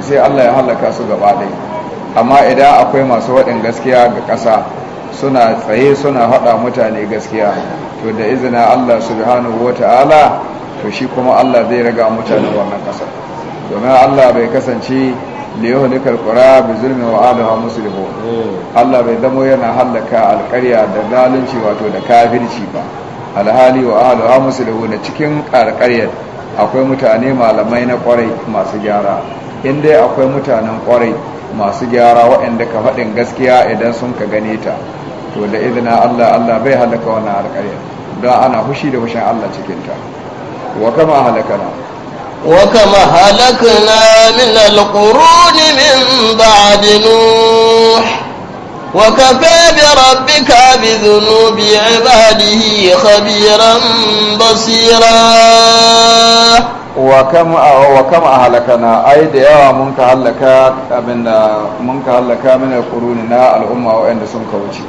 sai allah ya halaka su gaba dai amma idan akwai masu waɗin gaskiya ga ƙasa suna tsaye suna haɗa mutane gaskiya to da izina allah subhanahu wa ta'ala to shi kuma allah zai raga mutane wannan ƙasar domin allah bai kasance da yau likar kura bi zulmi wa adawa musulmi Allah bai damo yana hallaka alkarya da zalunci wato da kafirci ba alhali wa adawa musulmi na cikin alkaryar akwai mutane malamai na kwarai masu gyara inda akwai mutanen kwarai masu gyara waɗanda ka faɗin gaskiya idan sun ka gane ta to da izina Allah Allah bai halaka wannan alkaryar don ana fushi da fushin Allah cikin ta wa kama halakana وكما هلكنا من القرون من بعد نوح وكفى بربك بذنوب عباده خبيرا بصيرا وكم وكم أهلكنا أي ديا من كهلكا من من كهلكا من القرون نا الامه وين سن كوتي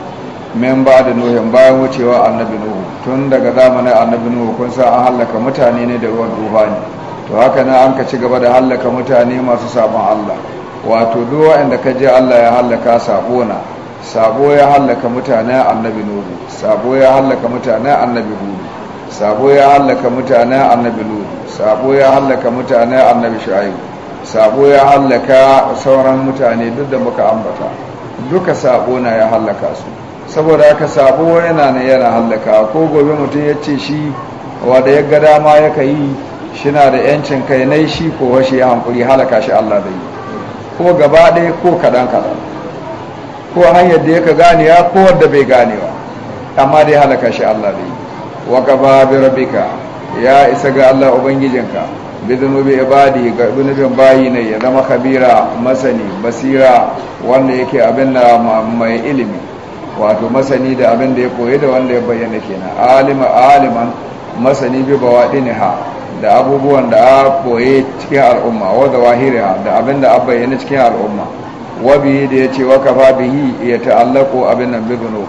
من بعد نوح bayan wucewa annabi nuhu tun daga zamanin annabi nuhu kun san an halaka mutane ne da ruwan dubani to haka na an ka ci gaba da hallaka mutane masu sabon Allah wato duwa inda ka je Allah ya hallaka sabo na sabo ya hallaka mutane annabi nuhu sabo ya hallaka mutane annabi hudu sabo ya hallaka mutane annabi nuru sabo ya hallaka mutane annabi shu'aibu sabo ya hallaka sauran mutane duk da muka ambata duka sabo na ya hallaka su saboda haka sabo yana ne yana hallaka ko gobe mutum ya ce shi wanda ya ga dama yaka yi shina da yancin kai nai shi ko washe ya hankuri halaka shi Allah da yi ko gaba ɗaya ko kaɗan kaɗan ko hanyar da yaka ganewa ko wadda bai ganewa amma dai halaka shi Allah da yi wa gaba bi ya isa ga Allah ubangijinka bi zunubi ibadi ga zunubin bayi ne ya zama kabira masani basira wanda yake abin da mai ilimi wato masani da abin da ya koyi da wanda ya bayyana kenan alima aliman masani bi ha. da abubuwan da a boye cikin al'umma wadda da ha da abin da a bayyana cikin al'umma wabi da ya ce waka fa yi ya ta'allako abin nan bibino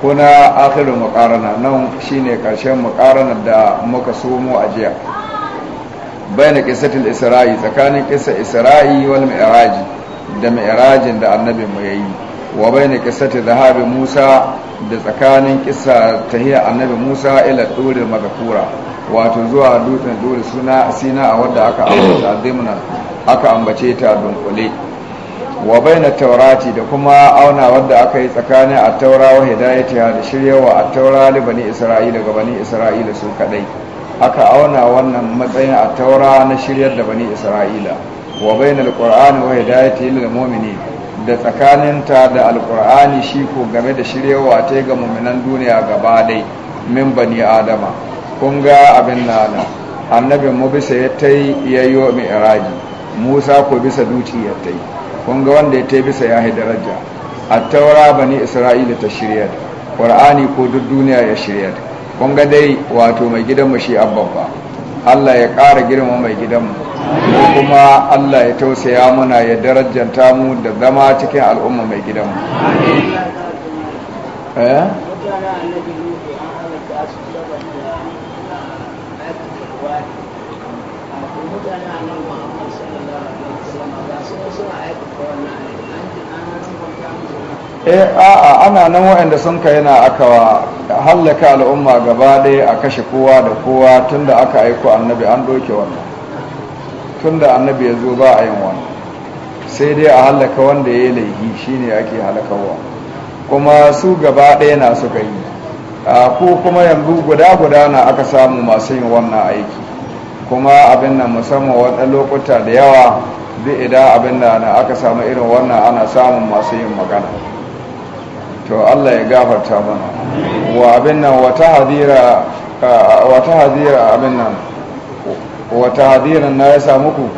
kuna akhirin muqarana nan shine karshen muqarana da muka somo a jiya bayan qissatul isra'i tsakanin kisa isra'i wal mi'raj da mi'rajin da annabi mu yayi wa bayan qissatul zahabi musa da tsakanin kisa tahiya annabi musa ila duril madkura wato zuwa dutsen dole suna sina a wadda aka ambata dimna aka ambace ta dunkule wa baina taurati da kuma auna wadda aka yi tsakanin at-taura wa hidayatiha da shiryawa at-taura li bani isra'ila ga bani isra'ila su kadai aka auna wannan matsayin at-taura na shiryar da bani isra'ila wa baina al-qur'ani wa hidayatihi lil mu'minin da tsakaninta da alkur'ani shi ko game da shiryawa ta ga muminan duniya gaba dai min bani adama kun ga abin nanan annabin mu bisa ya ta yi ya yi wa iraji musa ko bisa duci ya ta yi kun ga wanda ya ta yi bisa ya yi daraja a taura bani isra'ila ta shirya da ƙwar'ani ko duk duniya ya shirya da kun ga dai wato mai gidan mu shi abbabba allah ya ƙara girma mai gidan mu ko kuma allah ya tausaya muna ya darajanta mu da zama cikin al'umma mai gidanmu eh? mutane a nan Muhammad sallallahu alaihi wasallam ba su suna aikata eh a'a ana nan waɗanda sun ka yana aka hallaka al'umma gaba ɗaya a kashe kowa da kowa tunda aka aiko annabi an doke wannan tunda annabi ya zo ba a yin wannan sai dai a hallaka wanda ya yi laihi shine ake halakawa kuma su gaba ɗaya na suka yi ko kuma yanzu guda guda na aka samu masu yin wannan aiki kuma abin nan musamman wadda lokuta da yawa duk idan abin da aka samu irin wannan ana samun masu yin magana to allah ya gafarta mana wa abin nan wata hadira ah, abin nan wata hadira na ya samu ku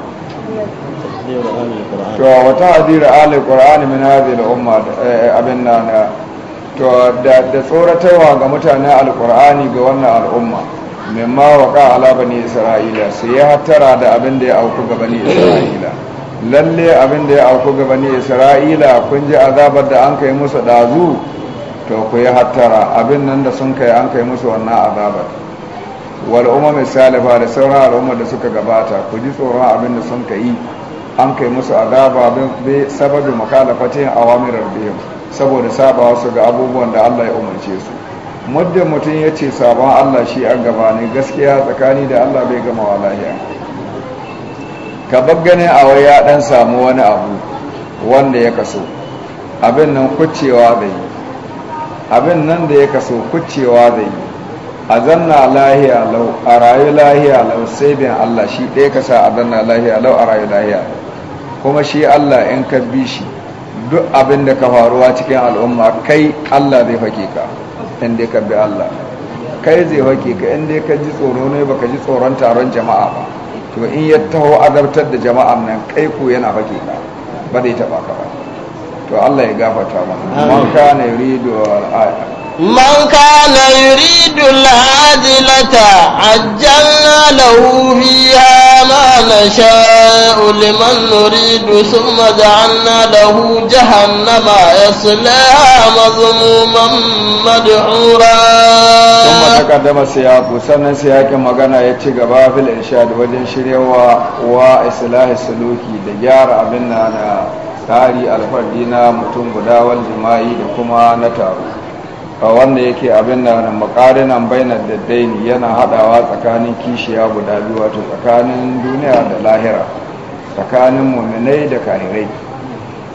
to wata hadira ala qur'ani min hadhihi al-umma eh, abin nan eh, to da tsoratarwa ga mutanen Alƙur'ani ga wannan al'umma mimma waƙa alaba bani isra'ila su yi hattara da abin da ya auku ga bani isra'ila lalle abin da ya auku ga bani isra'ila kun ji azabar da an kai musu ɗazu to ku yi hattara abin nan da sun kai an kai musu wannan azabar wal mai salifa da sauran al'ummar da suka gabata ku ji tsoron abin da sun kai an kai musu azaba bi sababi makalafatin awamirar saboda sabawa su ga abubuwan da Allah ya umarce su muddin mutum ya ce sabon allah shi an gaba ne gaskiya tsakani da allah bai gama wa lahiya ka bagganin a wai ya dan samu wani abu wanda ya kaso abin nan kucewa zai yi abin nan da ya kaso kucewa zai yi a zanna lahiya lau a rayu lahiya lau sai bin allah shi ɗaya ka sa a zanna lahiya lau a rayu lahiya kuma shi allah in ka bi shi duk abin da ka faruwa cikin al'umma kai allah zai fake ka in dai ka bi Allah kai zai wake ka in dai ka ji tsoro ne baka ji tsoron taron jama'a ba to in ya taho azabtar da jama'an nan kai ko yana wake ka ba zai taba ka ba to Allah ya gafarta mana man kana yuridu al-aya man kana yuridu نريد العاجلة عجلنا له فيها ما نشاء لمن نريد ثم جعلنا له جهنم يصليها مظموما مدحورا ثم تقدم السياق وسنة سياق مغانا يتشي في الإرشاد وجن شريوا وإصلاح السلوكي دجار أبننا tsari alfardi na mutum guda wal jima'i wanda yake abin da na makarinan bainar daddaini yana hadawa tsakanin kishiya guda biyu wato tsakanin duniya da lahira tsakanin muminai da kahirai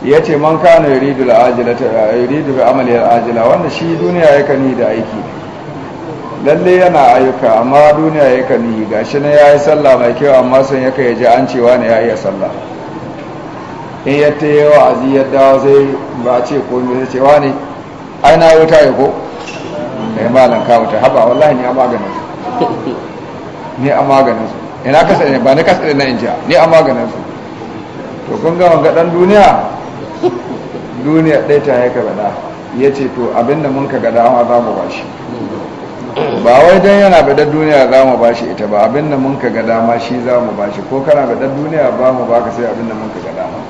ya ce man kano yuridu bi amaliyar ajila wanda shi duniya ya kani da aiki lalle yana ayyuka amma duniya ya kani ga shi na ya yi sallah mai kyau amma sun yaka ya ji an cewa ne ya iya sallah in ya ta yi wa'azi ya dawo sai ba a ce ne ai na wuta ya ko da ya malam ka wuta haba wallahi ni a maganin su ni a maganin su ina kasa ne ba ni kasa ne na injiya ni a maganin su to kun ga wanga dan duniya duniya ɗaya ta ya gada ya ce to abinda mun ka gada ma za mu ba shi ba wai dan yana bidar duniya za mu ba shi ita ba abinda mun ka gada ma shi za mu ba shi ko kana bidar duniya ba mu ba ka sai abinda mun ka gada ma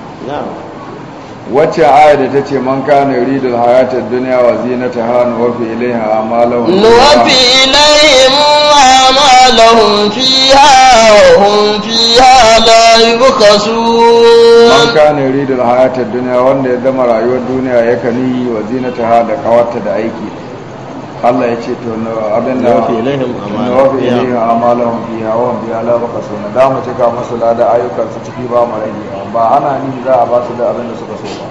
wacce aya da ta ce man kana yuridul hayatar duniya wa zinata ha wafi ilaiha amalahum nuwafi ilaihim amalahum fiha wa hum fiha la yubkhasun man kana yuridul hayatar duniya wanda ya zama rayuwar duniya ya kani wa zinata ha da kawarta da aiki Allah ya ce to abin da wafi a amalahum biya wa biya biha la yaqsun da mu cika masu lada ayyukan su ciki ba mu rage ba ana ni za a ba su da abin da suka so ba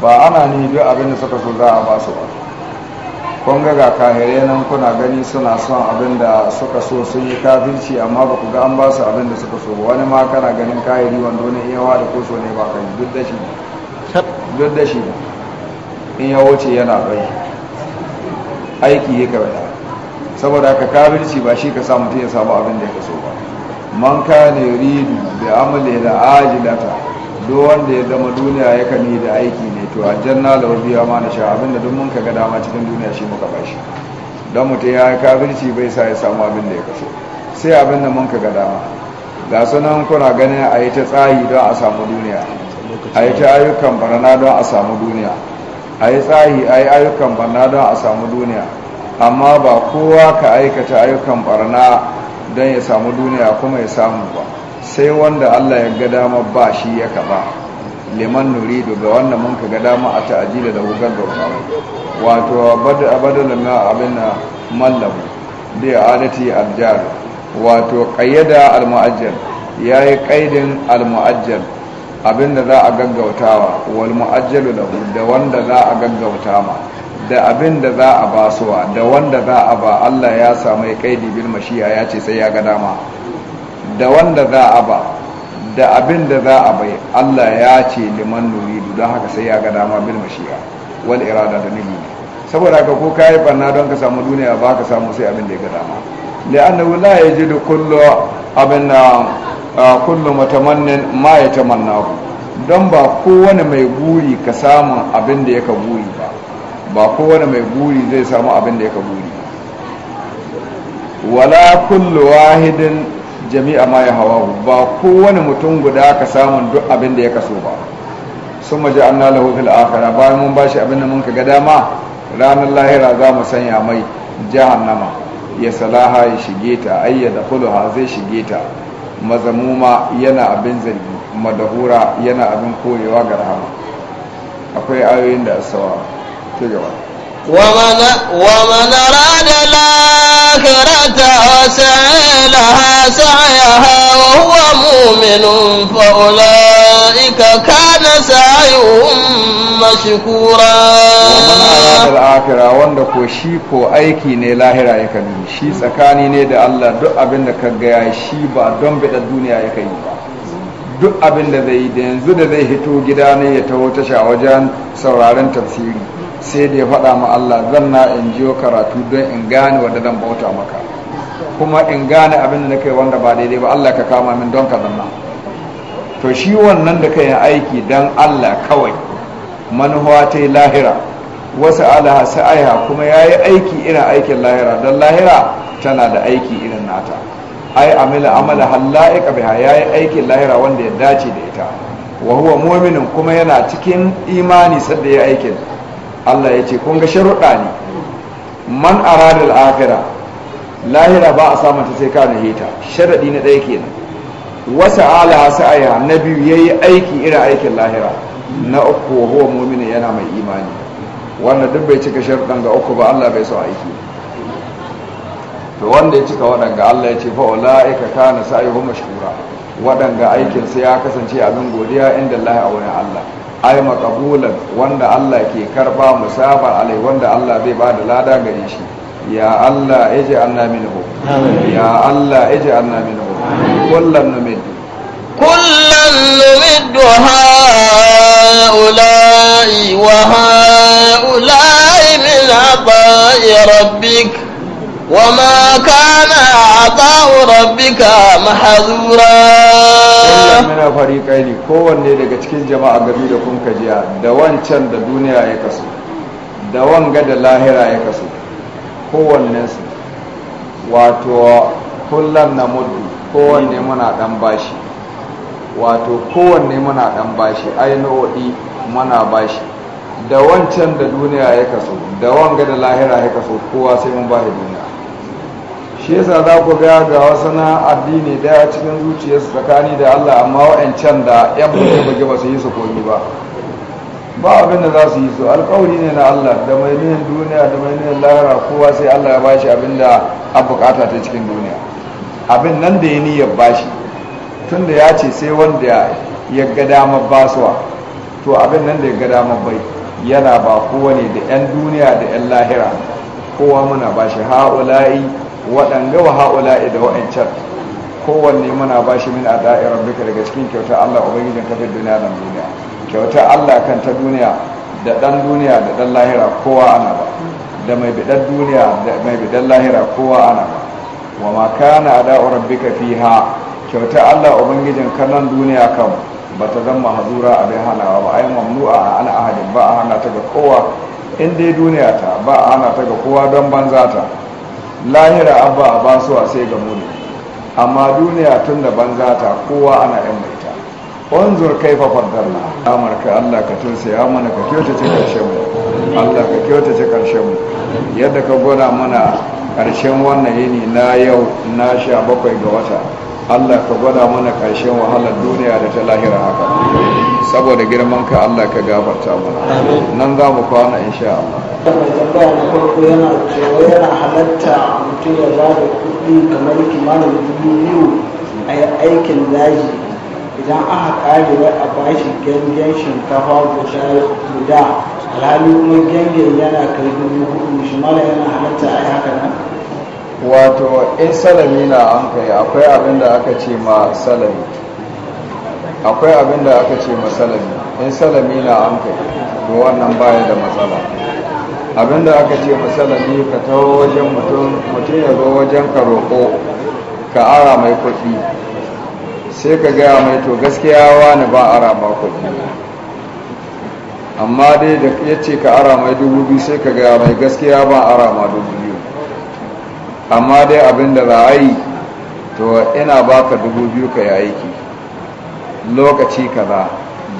ba ana ni duk abin da suka so za a ba su ba kun ga ga kahire nan kuna gani suna son abin da suka so sun yi kafirci amma ba ku ga an ba su abin da suka so wani ma kana ganin kahiri wanda wani wa da koso ne ba kai duk da shi duk da shi in ya wuce yana bai aiki ya kawai saboda ka kabirci ba shi ka sa mutum ya samu abin da ya kaso ba man ka ne ridu da amale da ajilata do wanda ya zama duniya ya kani da aiki ne to a janna da wabi ya mana sha abin da duk mun ka ga dama cikin duniya shi muka bashi don mutum ya kabirci bai sa ya samu abin da ya kaso sai abin da mun ka ga dama ga sunan kuna ganin a yi ta tsayi don a samu duniya a yi ta ayyukan barana don a samu duniya a yi tsahi a yi ayyukan barna don a samu duniya amma ba kowa ka aikata ayyukan barna don ya samu duniya kuma ya samu ba sai wanda allah ya ga dama ba shi ya kaba liman nuridu ga wanda mun ka ga dama a ta'ajila da da bauta wato badala na abin na mallamu da ya adati aljar wato kayyada almu'ajjal ya yi kaidin almu'ajjal abinda za a gaggautawa wal mu'ajjalu lahu da wanda za a gaggauta ma da abin da za a basuwa da wanda za a ba Allah ya samu ya kaidi bil mashiya ya ce sai ya ga dama da wanda za a ba da abin da za a bai Allah ya ce liman nuridu don haka sai ya ga dama bil mashiya wal irada da nabi saboda haka ko kai banna don ka samu duniya ba ka samu sai abin da ya ga dama li'annahu la yajidu kullu abin a a mutamannin ma ya tamanna don ba kowane mai guri ka samu abin da yaka guri ba ba kowane mai guri zai samu abin da yaka guri wala kullu wahidin jami'a ma ya hawa ba kowane mutum guda ka samu duk abin da ya so ba sun maji an nalahu fil akhira bayan mun bashi abin da mun ka ga dama ranar lahira za mu sanya mai jahannama ya salaha ya shige ta ayyada ha zai shige ta mazamuma yana abin zargi madahura yana abin koyewa ga rahama akwai ayoyin da asawa ta gaba ومن, ومن أراد الآخرة وسعى لها سعيها وهو مؤمن فأولئك كان سعيهم مشكورا ومن أراد الآخرة وندكو شيكو أيكي نلاهرة يكني شي سكاني نيد الله دعا بندك غيا شيبا دم بدا الدنيا يكني duk abin da zai yi da yanzu da zai hito gida ne ya taho tasha wajen sauraron tafsiri sai da ya faɗa ma Allah zan na in jiyo karatu don in gane wanda zan bauta maka kuma in gane abin da na kai wanda ba daidai ba Allah ka kama min don ka zanna to shi wannan da kai aiki don Allah kawai manuwa ta lahira wasu alaha sa'aiha kuma ya yi aiki irin aikin lahira don lahira tana da aiki irin nata ai amila amala halla'ika biha ya yi aikin lahira wanda ya dace da ita wa huwa mu'minin kuma yana cikin imani sadda ya aikin Allah ya ce kun ga sharuɗa ne man aradal akhira lahira ba a samun ta sai ka heta, sharaɗi na ɗaya kenan wasa ala sa'aya na biyu yayi aiki irin aikin lahira na uku wa huwa yana mai imani wanda duk bai cika sharuɗan ga uku ba Allah bai so aiki to wanda ya cika waɗanga Allah ya ce fa ulaika kana sa'yuhum mashkura waɗanga aikin ya kasance abin godiya inda Allah a wurin Allah ay maqbulan wanda Allah ke karba musaba alai wanda Allah bai ba da lada gare shi ya Allah ij'alna minhu ya Allah ij'alna minhu kullan numid kullan numid ulai wa ulai min 'ata'i rabbika وما كان عطاء ربك محظورا من فريقين kowanne daga cikin jama'a gabi da kun kajiya da wancan da duniya ya kaso da wanga da lahira ya kaso kowanne su wato kullum na muddu kowanne muna dan bashi wato kowanne muna dan bashi ainihi muna bashi da wancan da duniya ya kaso da wanga da lahira ya kaso kowa sai mun bashi duniya shi yasa za ku ga ga wasu na addini daya cikin zuciyarsu tsakani da Allah amma wa'ancan da yan buge-buge ba su yi su komi ba ba abin da za su yi su alkawari ne na Allah da mai niyan duniya da mai niyan lahara kowa sai Allah ya bashi abin da a bukata ta cikin duniya abin nan da ya niyyar bashi tun da ya ce sai wanda ya ga damar basuwa to abin nan da ya ga damar bai yana ba kowane da 'yan duniya da 'yan lahira kowa muna bashi ha'ula'i waɗanga wa ha'ula'i da wa'ancan kowanne muna ba shi min a da'irar duka daga cikin kyauta Allah ubangijin kafin duniya nan duniya kyauta Allah kan ta duniya da ɗan duniya da ɗan lahira kowa ana ba da mai biɗar duniya da mai biɗar lahira kowa ana ba wa ma kana duka fi ha. kyauta Allah ubangijin kanan duniya kan ba ta zama hazura abin hana ba ai a ana ahadin ba a hana ta ga kowa in dai duniya ta ba a hana ta ga kowa don banza ta lahira Abba ba a basuwa sai ga muni amma duniya tun da banza ta kowa ana yan mai ta wanzur kaifa faddarna ka allah ka ya mana ka ce karshen mu allah ka kyautace karshen mu yadda ka gwada mana karshen wannan yini na yau na sha bakwai ga wata Allah ka gwada mana ƙarshen wahalar duniya da ta lahira haka saboda girman ka Allah ka gabata mana nan za mu kwana sha Allah na yana yana halatta mutum ya ba da kuɗi kamar aikin daji idan aka kare wai a bashi gangan shinkafa guda alhali kuma gangan yana kai dubu hudu shi mara yana halatta a yi haka nan wato in salami na an kai akwai abin da aka ce ma salami akwai abin da aka ce ma salami in salami na an kai ga wannan baya da matsala abin da aka ce ma salami ka taho wajen mutum mutum ya zo wajen ka roƙo ka ara mai kuɗi sai ka gaya mai to gaskiya wani ba ara ma kuɗi amma dai da ya ce ka ara mai dubu biyu sai ka gaya mai gaskiya ba ara ma dubu biyu amma dai abin da ra'ayi to ina baka dubu biyu ka yi aiki lokaci kaza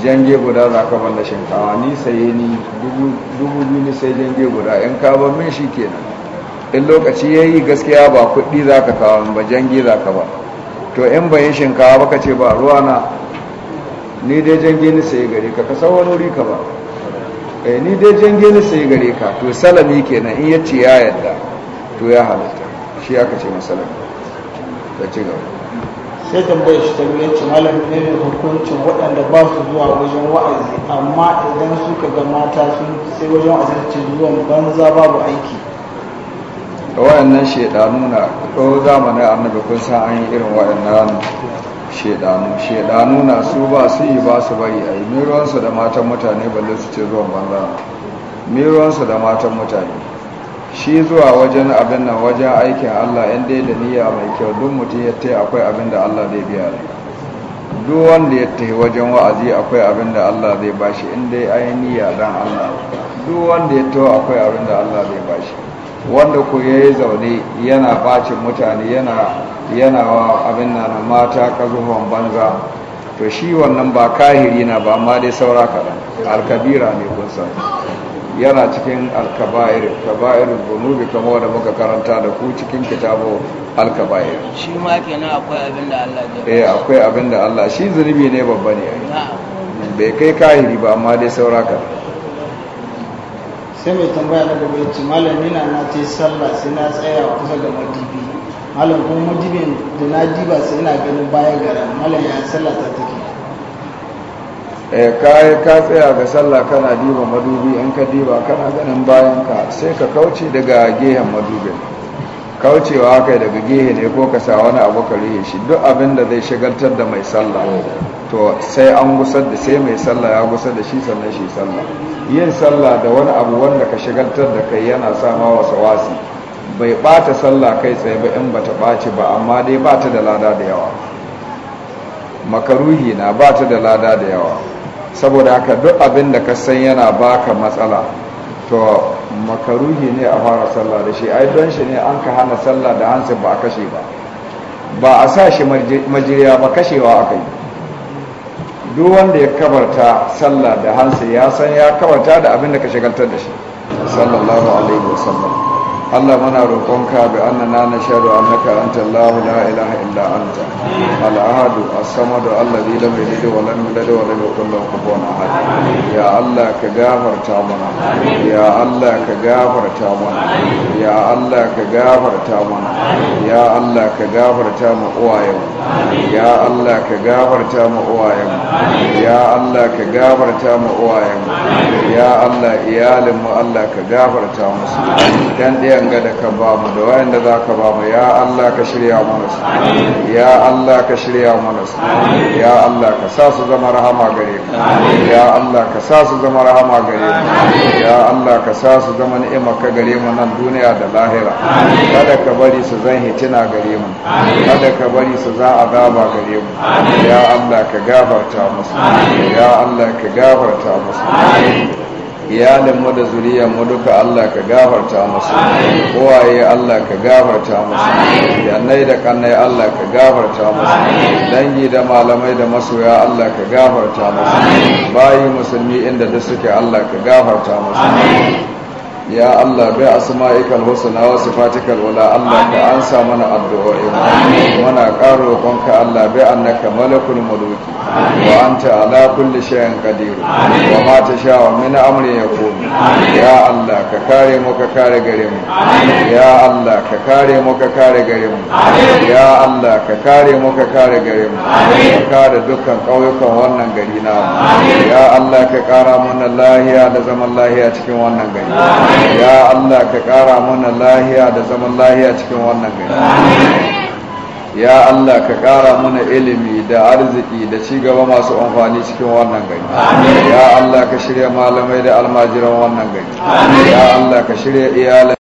jange guda za ka balla shinkawa ni saye ni dubu biyu ni sai jange guda in ka ban min shi kenan in lokaci ya yi gaskiya ba kuɗi za ka kawo ba jange za ka ba to in ban yi shinkawa ba ka ce ba ruwa na ni dai jange ni saye gare ka ka san wani wuri ka ba eh, ni dai jange ni saye gare ka to salami kenan in ya ce ya yadda to ya halatta shi aka ce masalam da ci gaba sai tambayi shi ta biyu ci malam ne da hukuncin waɗanda ba su zuwa wajen wa'azi amma idan suka ga mata sun sai wajen wa'azi ce zuwan banza babu aiki waɗannan shaidanu na ko zamanin annabi kun san an yi irin wayannan shaidanu shaidanu na su ba su yi ba su bari a yi miruwansu da matan mutane balle su ce zuwan banza miruwansu da matan mutane shi zuwa wajen abin nan wajen aikin Allah in dai da niyya mai kyau duk mutum ya ta akwai abin da Allah zai biya ne duk wanda ya ta wajen wa'azi akwai abin da Allah zai shi in dai ai niyya dan Allah duk wanda ya ta akwai abin da Allah zai shi. wanda ya yi zaune yana bacin mutane yana yana wa abin nan mata kazuhon banza to shi wannan ba kahiri na ba amma dai saura kaɗan alkabira ne kun san yana cikin alkaba'ir kaba'ir zunubi kamar wanda muka karanta da ku cikin kitabu alkaba'ir shi ma kenan akwai abin da Allah ya eh akwai abin da Allah shi zunubi ne babba ne bai kai kahiri ba amma dai saura ka sai mai tambaya na gaba yace malami na na ce sallah sai na tsaya kusa da madibi malam kuma madibin da na diba sai ina ganin baya gara malam ya sallah ta take Eh, kayi ka tsaya ga sallah kana diba madubi in ka diba kana ganin bayanka sai ka kauce daga gehen madubin kaucewa kai daga gehe ne ko ka sa wani abu ka rihe shi duk abin da zai shagaltar da mai sallah to sai an gusar da sai mai sallah ya gusar da shi sannan shi sallah yin sallah da wani abu wanda ka shagaltar da kai yana sama wasa wasi bai bata sallah kai tsaye ba in bata ɓaci ba amma dai bata da lada da yawa makaruhi na bata da lada da yawa saboda haka duk abin da ka san yana baka matsala to makaruhi ne a fara sallah da shi ai don shi ne an ka hana sallah da hansu ba a kashe ba ba a sa shi majiriya ba kashewa aka yi duk wanda ya kabarta sallah da hansu ya san ya kabarta da abin da ka shagaltar da shi sallallahu alaihi wasallam Allah muna roƙonka bi annana nashhadu annaka anta Allah la ilaha illa anta al-ahad as-samad alladhi lam yalid wa lam yulad wa lam yakul lahu kufuwan ahad ya Allah ka gafarta mana ya Allah ka gafarta mana ya Allah ka gafarta mana ya Allah ka gafarta mu uwayen ya Allah ka gafarta mu uwayen ya Allah ka gafarta mu uwayen ya Allah iyalin mu Allah ka gafarta musu dan ɗaya wa'anga da ka ba mu da wayanda za ka ba mu ya Allah ka shirya mana su ya Allah ka shirya mana su ya Allah ka sa su zama rahama gare mu ya Allah ka sa su zama rahama gare mu ya Allah ka sa su zama ni'ima ka gare mu nan duniya da lahira kada ka bari su zan hitina gare mu kada ka bari su za a azaba gare mu ya Allah ka gafarta musu ya Allah ka gafarta musu iyalinmu da zuriyarmu duka Allah ka gafarta musu kowaye Allah ka gafarta musu yannai da kannai Allah ka gafarta musu dangi da malamai da masoya Allah ka gafarta musu bayi musulmi inda duk suke Allah ka gafarta musu ya Allah bai asma'ikal husna wa sifatikal wala Allah ka ansa mana addu'o'i muna ƙara roƙonka Allah bai annaka malakul muluki wa anta ala kulli shay'in qadir wa ma tasha'u min amri yakun ya Allah ka kare mu ka kare gare mu ya Allah ka kare mu ka kare gare mu ya Allah ka kare mu ka kare gare mu ka kare dukkan ƙauyukan wannan gari na ya Allah ka kara mana lahiya da zaman lahiya cikin wannan gari ya Allah ka kara mana lahiya da zaman lahiya cikin wannan gari ya Allah ka ƙara mana ilimi da arziki da cigaba masu amfani cikin wannan gari ya Allah ka shirya malamai da almajiran wannan gari ya Allah ka shirya iyalai